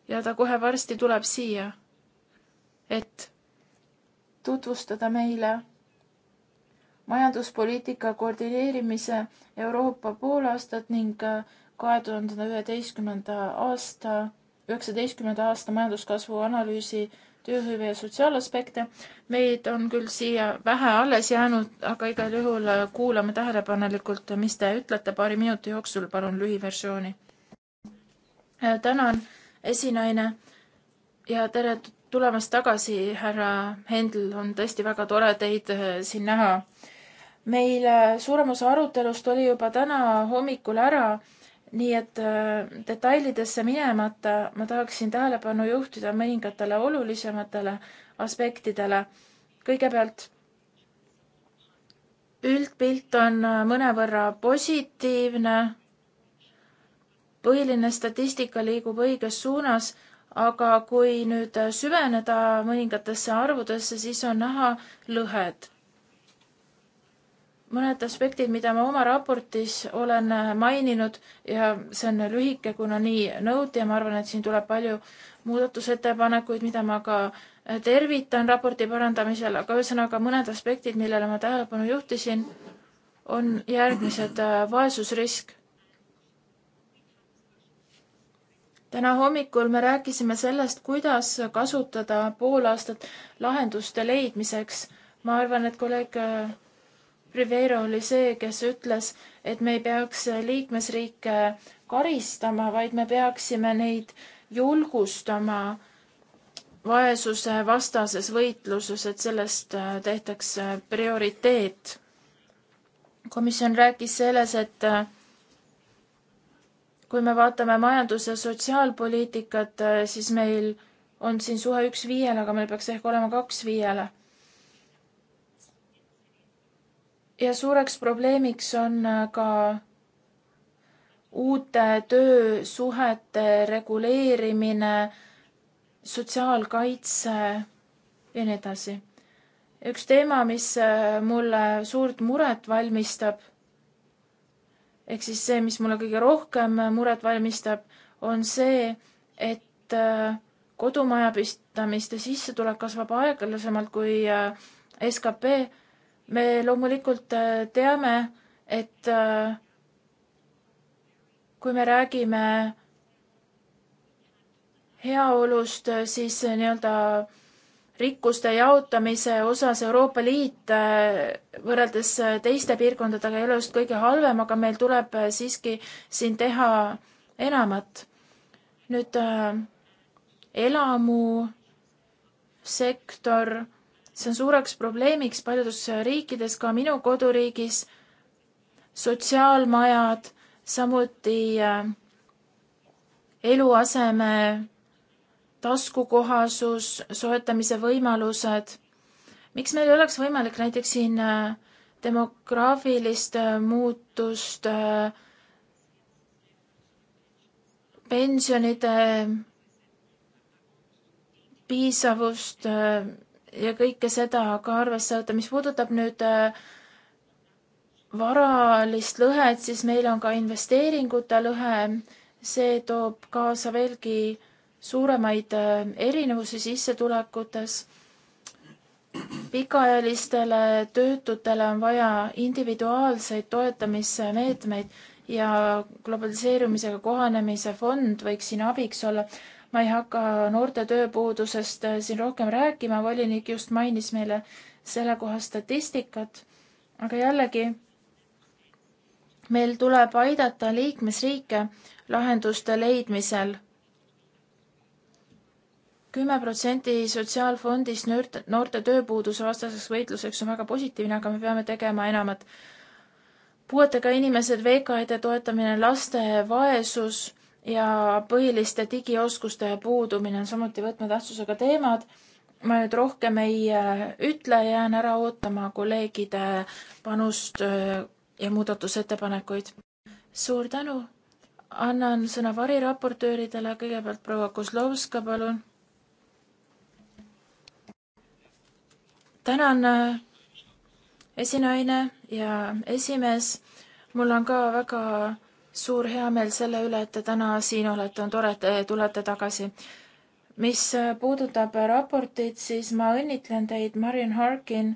ja ta kohe varsti tuleb siia, et tutvustada meile majanduspoliitika koordineerimise Euroopa poolaastat ning äh, kahe tuhande üheteistkümnenda aasta, üheksateistkümnenda aasta majanduskasvu analüüsi tööhõive ja sotsiaalaspekte. meid on küll siia vähe alles jäänud, aga igal juhul äh, kuulame tähelepanelikult, mis te ütlete paari minuti jooksul, palun lühiversiooni. Äh, tänan, esinaine ja tere tulemast tagasi, härra Hendl, on tõesti väga tore teid äh, siin näha. meil äh, suurem osa arutelust oli juba täna hommikul ära, nii et äh, detailidesse minemata ma tahaksin tähelepanu juhtida mõningatele olulisematele aspektidele. kõigepealt, üldpilt on mõnevõrra positiivne põhiline statistika liigub õiges suunas, aga kui nüüd süveneda mõningatesse arvudesse, siis on näha lõhed. mõned aspektid, mida ma oma raportis olen maininud ja see on lühike, kuna nii nõuti ja ma arvan, et siin tuleb palju muudatusettepanekuid, mida ma ka tervitan raporti parandamisel, aga ühesõnaga mõned aspektid, millele ma tähelepanu juhtisin, on järgmised vaesusrisk täna hommikul me rääkisime sellest, kuidas kasutada pool aastat lahenduste leidmiseks. ma arvan, et kolleeg äh, Rivero oli see, kes ütles, et me ei peaks liikmesriike karistama, vaid me peaksime neid julgustama vaesuse vastases võitluses, et sellest äh, tehtaks äh, prioriteet. komisjon rääkis selles, et kui me vaatame majandus- ja sotsiaalpoliitikat, äh, siis meil on siin suhe üks viiele, aga meil peaks ehk olema kaks viiele. ja suureks probleemiks on äh, ka uute töösuhete reguleerimine, sotsiaalkaitse ja nii edasi. üks teema, mis äh, mulle suurt muret valmistab ehk siis see, mis mulle kõige rohkem muret valmistab, on see, et äh, kodumaja pistamiste sissetulek kasvab aeglasemalt kui äh, skp. me loomulikult äh, teame, et kui me räägime heaolust, siis nii-öelda rikkuste jaotamise osas Euroopa Liit äh, võrreldes äh, teiste piirkondadega ei ole just kõige halvem, aga meil tuleb äh, siiski siin teha enamat. nüüd elamusektor, see on suureks probleemiks paljudes riikides, ka minu koduriigis, sotsiaalmajad, samuti eluaseme taskukohasus, soetamise võimalused. miks meil ei oleks võimalik näiteks siin äh, demograafilist äh, muutust, äh, pensionide piisavust ja kõike seda ka arvesse võtta, mis puudutab nüüd varalist lõhet, siis meil on ka investeeringute lõhe, see toob kaasa veelgi suuremaid äh, erinevusi sissetulekutes. pikaajalistele töötutele on vaja individuaalseid toetamismeetmeid ja globaliseerumisega kohanemise fond võiks siin abiks olla. ma ei hakka noorte tööpuudusest äh, siin rohkem rääkima, volinik just mainis meile sellekohast statistikat, aga jällegi, meil tuleb aidata liikmesriike lahenduste leidmisel kümme protsenti sotsiaalfondist noorte, noorte tööpuuduse vastaseks võitluseks on väga positiivne, aga me peame tegema enamat. puuetega inimesed, VKE-de toetamine, laste vaesus ja põhiliste digioskuste puudumine on samuti võtmetähtsusega teemad. ma nüüd rohkem ei äh, ütle, jään ära ootama kolleegide panust äh, ja muudatusettepanekuid. suur tänu! annan sõna variraportööridele, kõigepealt proua Kozlovska, palun tänan, äh, esinaine ja esimees. mul on ka väga suur heameel selle üle, et te täna siin olete, on tore, et te tulete tagasi. mis äh, puudutab raportit, siis ma õnnitlen teid, Marian Harkin,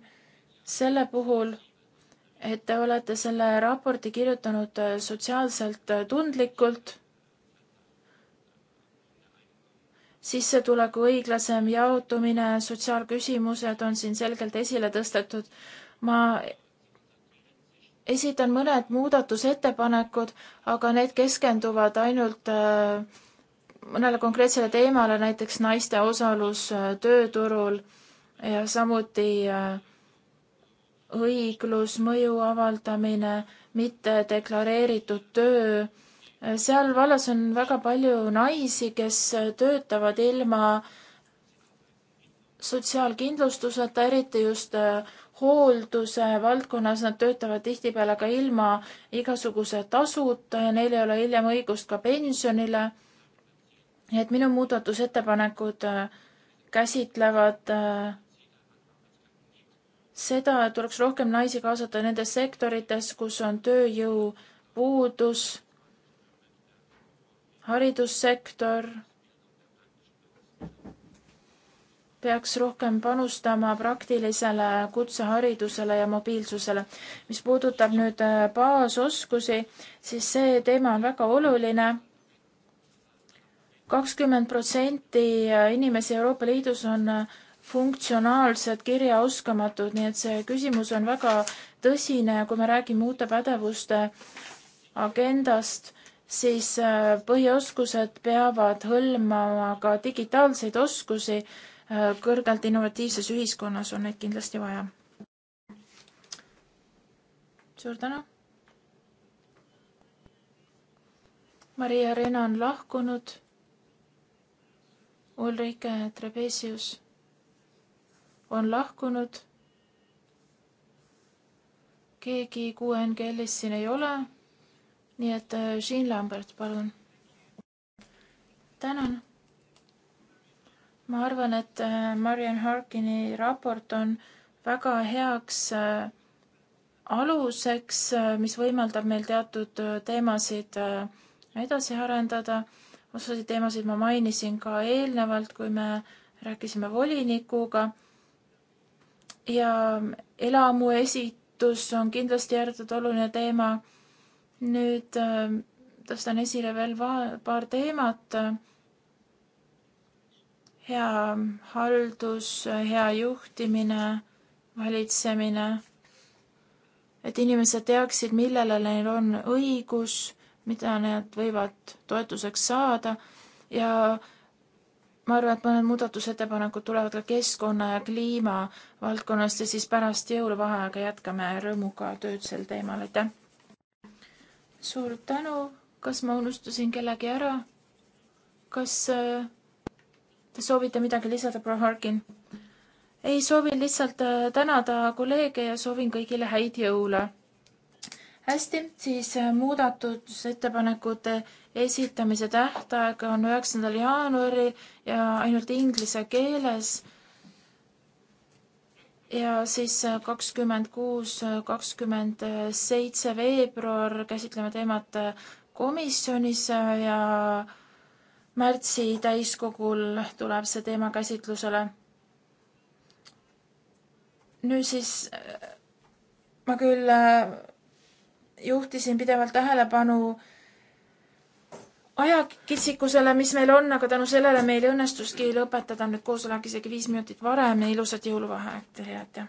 selle puhul, et te olete selle raporti kirjutanud äh, sotsiaalselt tundlikult sissetuleku õiglasem jaotumine, sotsiaalküsimused on siin selgelt esile tõstetud. ma esitan mõned muudatusettepanekud, aga need keskenduvad ainult äh, mõnele konkreetsele teemale, näiteks naiste osalus äh, tööturul ja samuti äh, õiglus, mõju avaldamine, mittedeklareeritud töö seal vallas on väga palju naisi, kes töötavad ilma sotsiaalkindlustuseta, eriti just äh, hoolduse valdkonnas, nad töötavad tihtipeale ka ilma igasuguse tasuta ja neil ei ole hiljem õigust ka pensionile. nii et minu muudatusettepanekud äh, käsitlevad äh, seda, et tuleks rohkem naisi kaasata nendes sektorites, kus on tööjõupuudus haridussektor peaks rohkem panustama praktilisele kutseharidusele ja mobiilsusele. mis puudutab nüüd äh, baasoskusi, siis see teema on väga oluline. kakskümmend protsenti äh, inimesi Euroopa Liidus on äh, funktsionaalsed kirjaoskamatud, nii et see küsimus on väga tõsine ja kui me räägime uute pädevuste agendast, siis äh, põhioskused peavad hõlmama ka digitaalseid oskusi. Äh, kõrgelt innovatiivses ühiskonnas on neid kindlasti vaja. suur tänu. Maria Rena on lahkunud. Ulrike Trebesius on lahkunud. keegi QNGL-is siin ei ole nii et äh, Jean Lambert, palun. tänan. ma arvan, et äh, Marian Harkini raport on väga heaks äh, aluseks, mis võimaldab meil teatud teemasid edasi arendada. osasid teemasid ma mainisin ka eelnevalt, kui me rääkisime volinikuga. ja ähm, elamuesitus on kindlasti ääretult oluline teema nüüd ähm, tõstan esile veel paar teemat. hea haldus, hea juhtimine, valitsemine, et inimesed teaksid, millele neil on õigus, mida nad võivad toetuseks saada ja ma arvan, et mõned muudatusettepanekud tulevad ka keskkonna ja kliima valdkonnast ja siis pärast jõuluvaheaega jätkame rõõmuga tööd sel teemal, aitäh! suur tänu, kas ma unustasin kellegi ära? kas äh, te soovite midagi lisada, proua Harkin? ei, soovin lihtsalt äh, tänada kolleege ja soovin kõigile häid jõule. hästi, siis äh, muudatusettepanekute esitamise tähtaeg on üheksandal jaanuaril ja ainult inglise keeles ja siis äh, kakskümmend kuus, äh, kakskümmend seitse veebruar käsitleme teemat äh, komisjonis ja märtsi täiskogul tuleb see teema käsitlusele. nüüd siis ma küll juhtisin pidevalt tähelepanu äh, ajakitsikusele, mis meil on, aga tänu sellele meil õnnestuski lõpetada nüüd koosolek isegi viis minutit varem ja ilusat jõuluvaheaega teile, head ja!